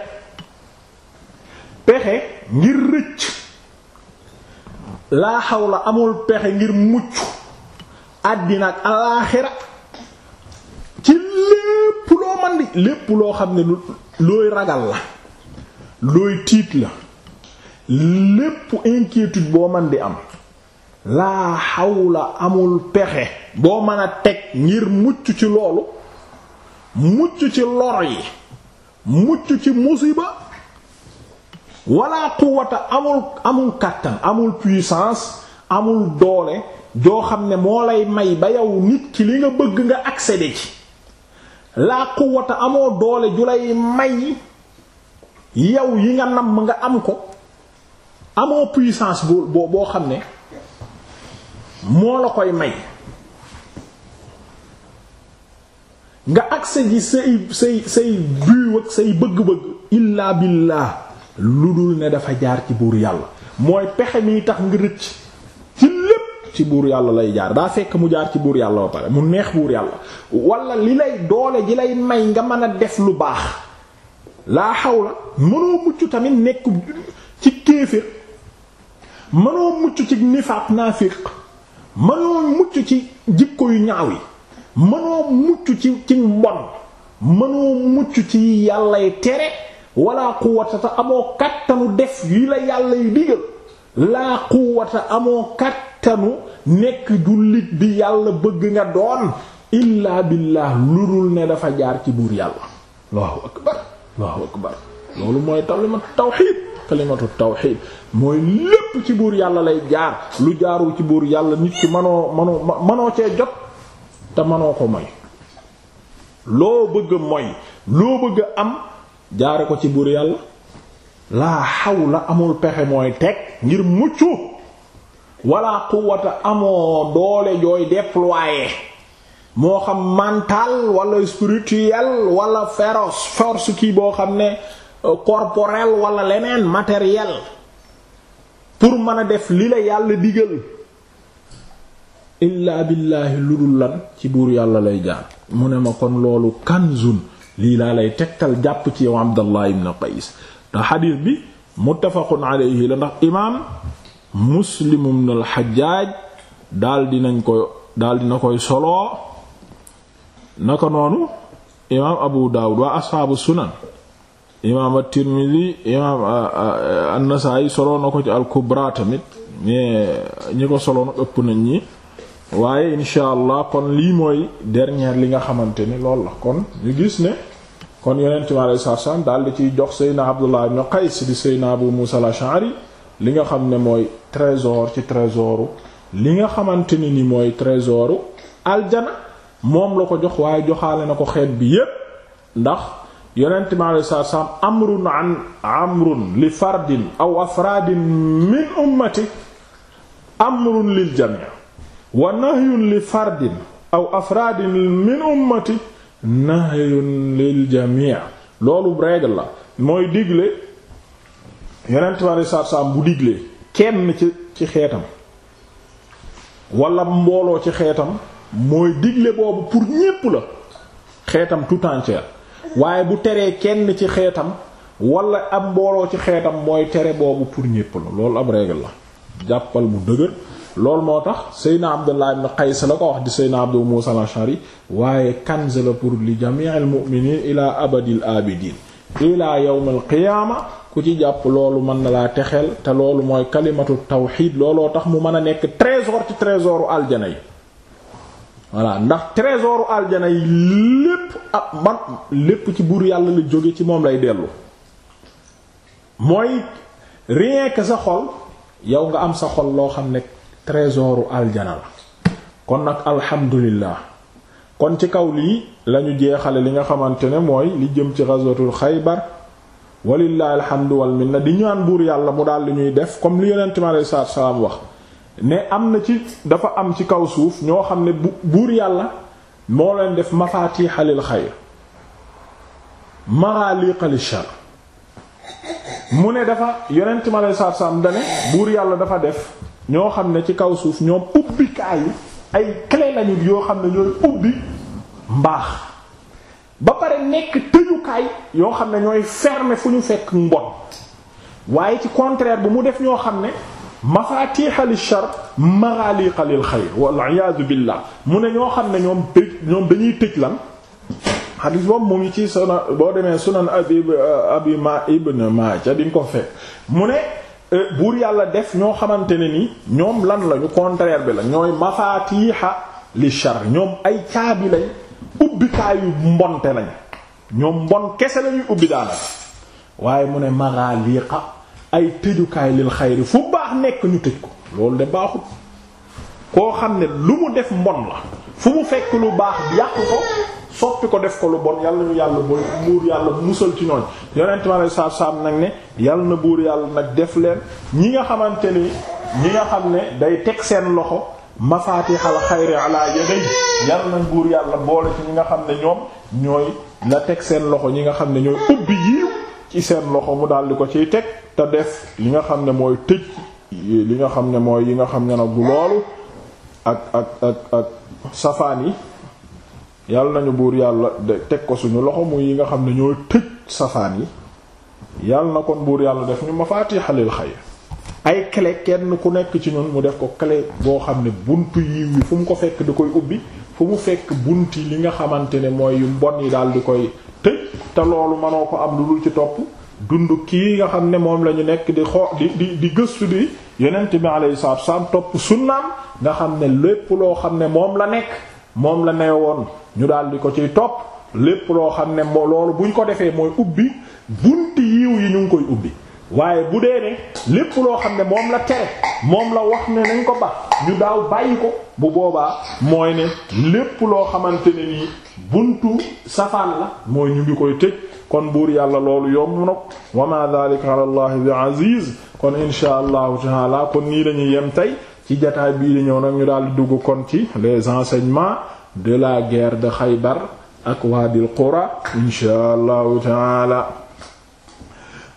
pexe ngir rëcc laa xawla amul pexe ngir mucc àddina ak alaaxira ci lépp loo man di lépp loo xam ne looy ragal la looy tiit la lépp inquiétude boo man di am laa xawla amul pexe boo mën a teg ngir mucc ci loolu mucc ci lor yi mucc ci musiba wala quwwata amul amul kàttan amul puissance amul doole joo xam ne moo lay may ba yow nit ki li nga bëgg nga accéder ci laa quwwata amoo doole ju lay may yow yi nga namm nga am ko amoo puissance boo boo xam ne moo la koy may nga accès ji say say say buiw say bëgg-bëgg illa billah lu dul ne dafa jaar ci buur yàlla mooy pexe mi tax ngi rëcc ci lépp ci buur yàlla lay jaar daa fekk mu jaar ci buur yàlla ba pare mu neex buur yàlla walla li lay doole ji lay may nga mën a def lu baax laa xaw la mënoo mucc tamit nekk ci kéefër mënoo mucc ci nifaaq naafiq mënoo mucc ci jikko yu ñaaw yi mënoo mucc ci ci mbon mënoo mucc ci yàllay tere wala quwwata te amoo kattanu def yi la yàlla yi digal laa quwwata amoo kattanu nekk jullit bi yàlla bëgg nga doon illaa billah lu dul ne dafa jaar ci buur yàlla allahu loolu mooy kalimatu tawxiid kalimatu tawxiid mooy lépp ci buur yàlla lay jaar lu jaarul ci buur yàlla nit ki manoo manoo manoo cee jot te manoo ko moy loo bëgg moy loo bëgg am jaare ko ci buur yàlla laa la amul pexe mooy teg ngir mucc wala quwwata amoo doole jooy déployer moo xam mental wala spirituel wala féroce force kii boo xam ne euh, corporel wala leneen matériel pour mën a def li la yàlla digal illaa billaahi dul lan ci buur yàlla lay jaar mu ne ma kon loolu kanzun lii laa lay tegtal jàpp ci yow Abdallah ibn Qays te xadiis bi muttafaqun alayhi la ndax imaam Muslim ibn al-Hajjaj daal nañ ko daal na koy soloo naka noonu imaam Abu Dawud waa asxaabu sunan imaam at-Tirmidhi imaam an-Nasa'i soloo na ko ci al-Kubra tamit mais ñi ko soloo nag ëpp nañ ñi waaye insha allah kon lii mooy dernière li nga xamante ni loolu la kon ñu gis ne kon yonent mi alayhi salaatu salaam daal di ciy jox Seydina Abdullah ibn Qays di Seydina Abu Musa al-Ash'ari li nga xam ne mooy trésor ci trésoru li nga xamante ni ni mooy trésoru aljana moom la ko jox waaye joxaale na ko xeet bi yépp ndax yonent mi alayhi salaatu salaam amrun an amrun li fardin aw afraadin min ummati amrun lil jami' wa nahyun li fardin aw afraadin min ummati nahyun lil jamii loolu règle la mooy digle yonent bi aleyhi salaatu salaam bu digle kenn ci ci xeetam wala mbooloo ci xeetam mooy digle boobu pour ñépp la xeetam tout waaye bu teree kenn ci xeetam wala ab mbooloo ci xeetam mooy tere boobu pour ñépp la loolu ab règle la jàppal bu dëgër loolu moo tax Seydina laa ibn Qays la ko wax di Seydina Abdou Moussa al-Ash'ari waaye kanz la pour li jami'il mu'minin ila abadil abidin ila yawmil qiyaama ku ci jàpp loolu mën na laa texeel te loolu mooy kalimatu tawxiid looloo tax mu mën a nekk trésor ci trésoru aljana yi voilà ndax trésoru aljana yi lépp ab man lépp ci buur yàlla la jóge ci moom lay dellu mooy rien que sa xol yow nga am sa xol loo xam ne trésoru aljana kon nag alhamdulillah kon ci kaw lii lañu jeexale li nga xamante ne mooy li jëm ci ghazwatul xaybar walillahi alhamdu wal minna di ñaan buur yàlla mu daal li ñuy def comme li yonent mi alayhi salaatu salaam wax ne am na ci dafa am ci kaw suuf ñoo xam ne bu buur yàlla moo leen def mafaatiha lil xayr maghaliqa lil shar mu ne dafa yonent mi alayhi salaatu salaam dane buur yàlla dafa def ñoo xam ne ci kaw suuf ñoom ubbikaayu ay clé lañu yoo xam ne ñooy ubbi mbaax ba pare nekk tëjukaay yoo xam ne ñooy fermer fu ñu fekk mbon waaye ci contraire bi mu def ñoo xam ne mafatih lil shar maghaliq lil xayr wal iyaadu billah mu ne ñoo xam ne ñoom ñoom dañuy tëj lan xadis boobu mu ngi ci sunan boo demee sunan abi abi ma ibn Maaja di nga ko fekk mu ne Euh, buur yàlla def ñoo xamante ne ni ñoom lan lañu contraire bi la ñooy mafaatiixa li shar ñoom ay caabi lañ ubbikaayu mbonte lañ ñoom mbon kese lañuy ubbi daanaka waaye mu ne maghaliqa ay tëjukaay lil xayri fu baax nekk ñu tëj ko loolu de baaxut koo xam ne lu mu def mbon la fu mu fekk lu baax yàq ko soppi ko def ko lu bon yàlla ñu yàlla booy buur yàlla musal ci ñooñ yonent ma lay saab saab nag ne yàlla na buur yàlla nag def leen ñi nga xamante ni ñi nga xam ne day teg seen loxo mafatihal xayri ala yaday yàlla na buur yàlla boole ci ñi nga xam ne ñoom ñooy la teg seen loxo ñi nga xam ne ñooy ubbi yiiw ci seen loxo mu daal ko ciy teg te def li nga xam ne mooy tëj li nga xam ne mooy yi nga xam ne nag du loolu ak ak ak ak safaan yi yàlla nañu buur yàlla teg ko suñu loxo muy yi nga xam ne ñoo tëj safaan yi yàlla na kon buur yàlla def ñu mafaatixalil xay ay clé kenn ku nekk ci ñun mu def ko clé boo xam ne bunt yiw yi fu mu ko fekk di koy ubbi fu mu fekk bunti li nga xamante ne mooy yu mbon yi daal di koy tëj te loolu mënoo ko am lu dul ci topp dund kii nga xam ne moom la ñu nekk di xoo di di di gëstu di yonent bi alayhi salaatu wassalaam topp sunnaam nga xam ne lépp loo xam ne moom la nekk moom la nee woon ñu daal di ko ciy topp lépp loo xam ne moo loolu buñ ko defee mooy ubbi bunti yiw yi ñu ngi koy ubbi waaye bu dee ne lépp loo xam ne moom la tere moom la wax ne nañ ko ba ñu daaw bàyyi ko bu boobaa mooy ne lépp loo xamante ne nii buntu safaan la mooy ñu ngi koy tëj kon buur yàlla loolu yomb nag wa ma dhalika ala bi aziz kon insha allahu taala kon nii lañuy yem tey ci jataay bii di nag ñu daal dugg kon ci les enseignements de la guerre de Khaybar ak Wâdil Qourâ insha taala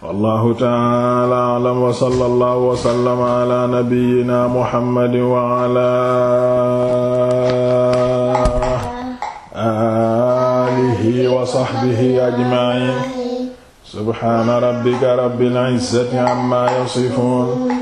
wallahu alam wa sallallahu wa sallama ala nabiyyina muhammadin wa ala alihi wa sahbihi ajma'in subhana rabbika rabbil izzati amma yasifun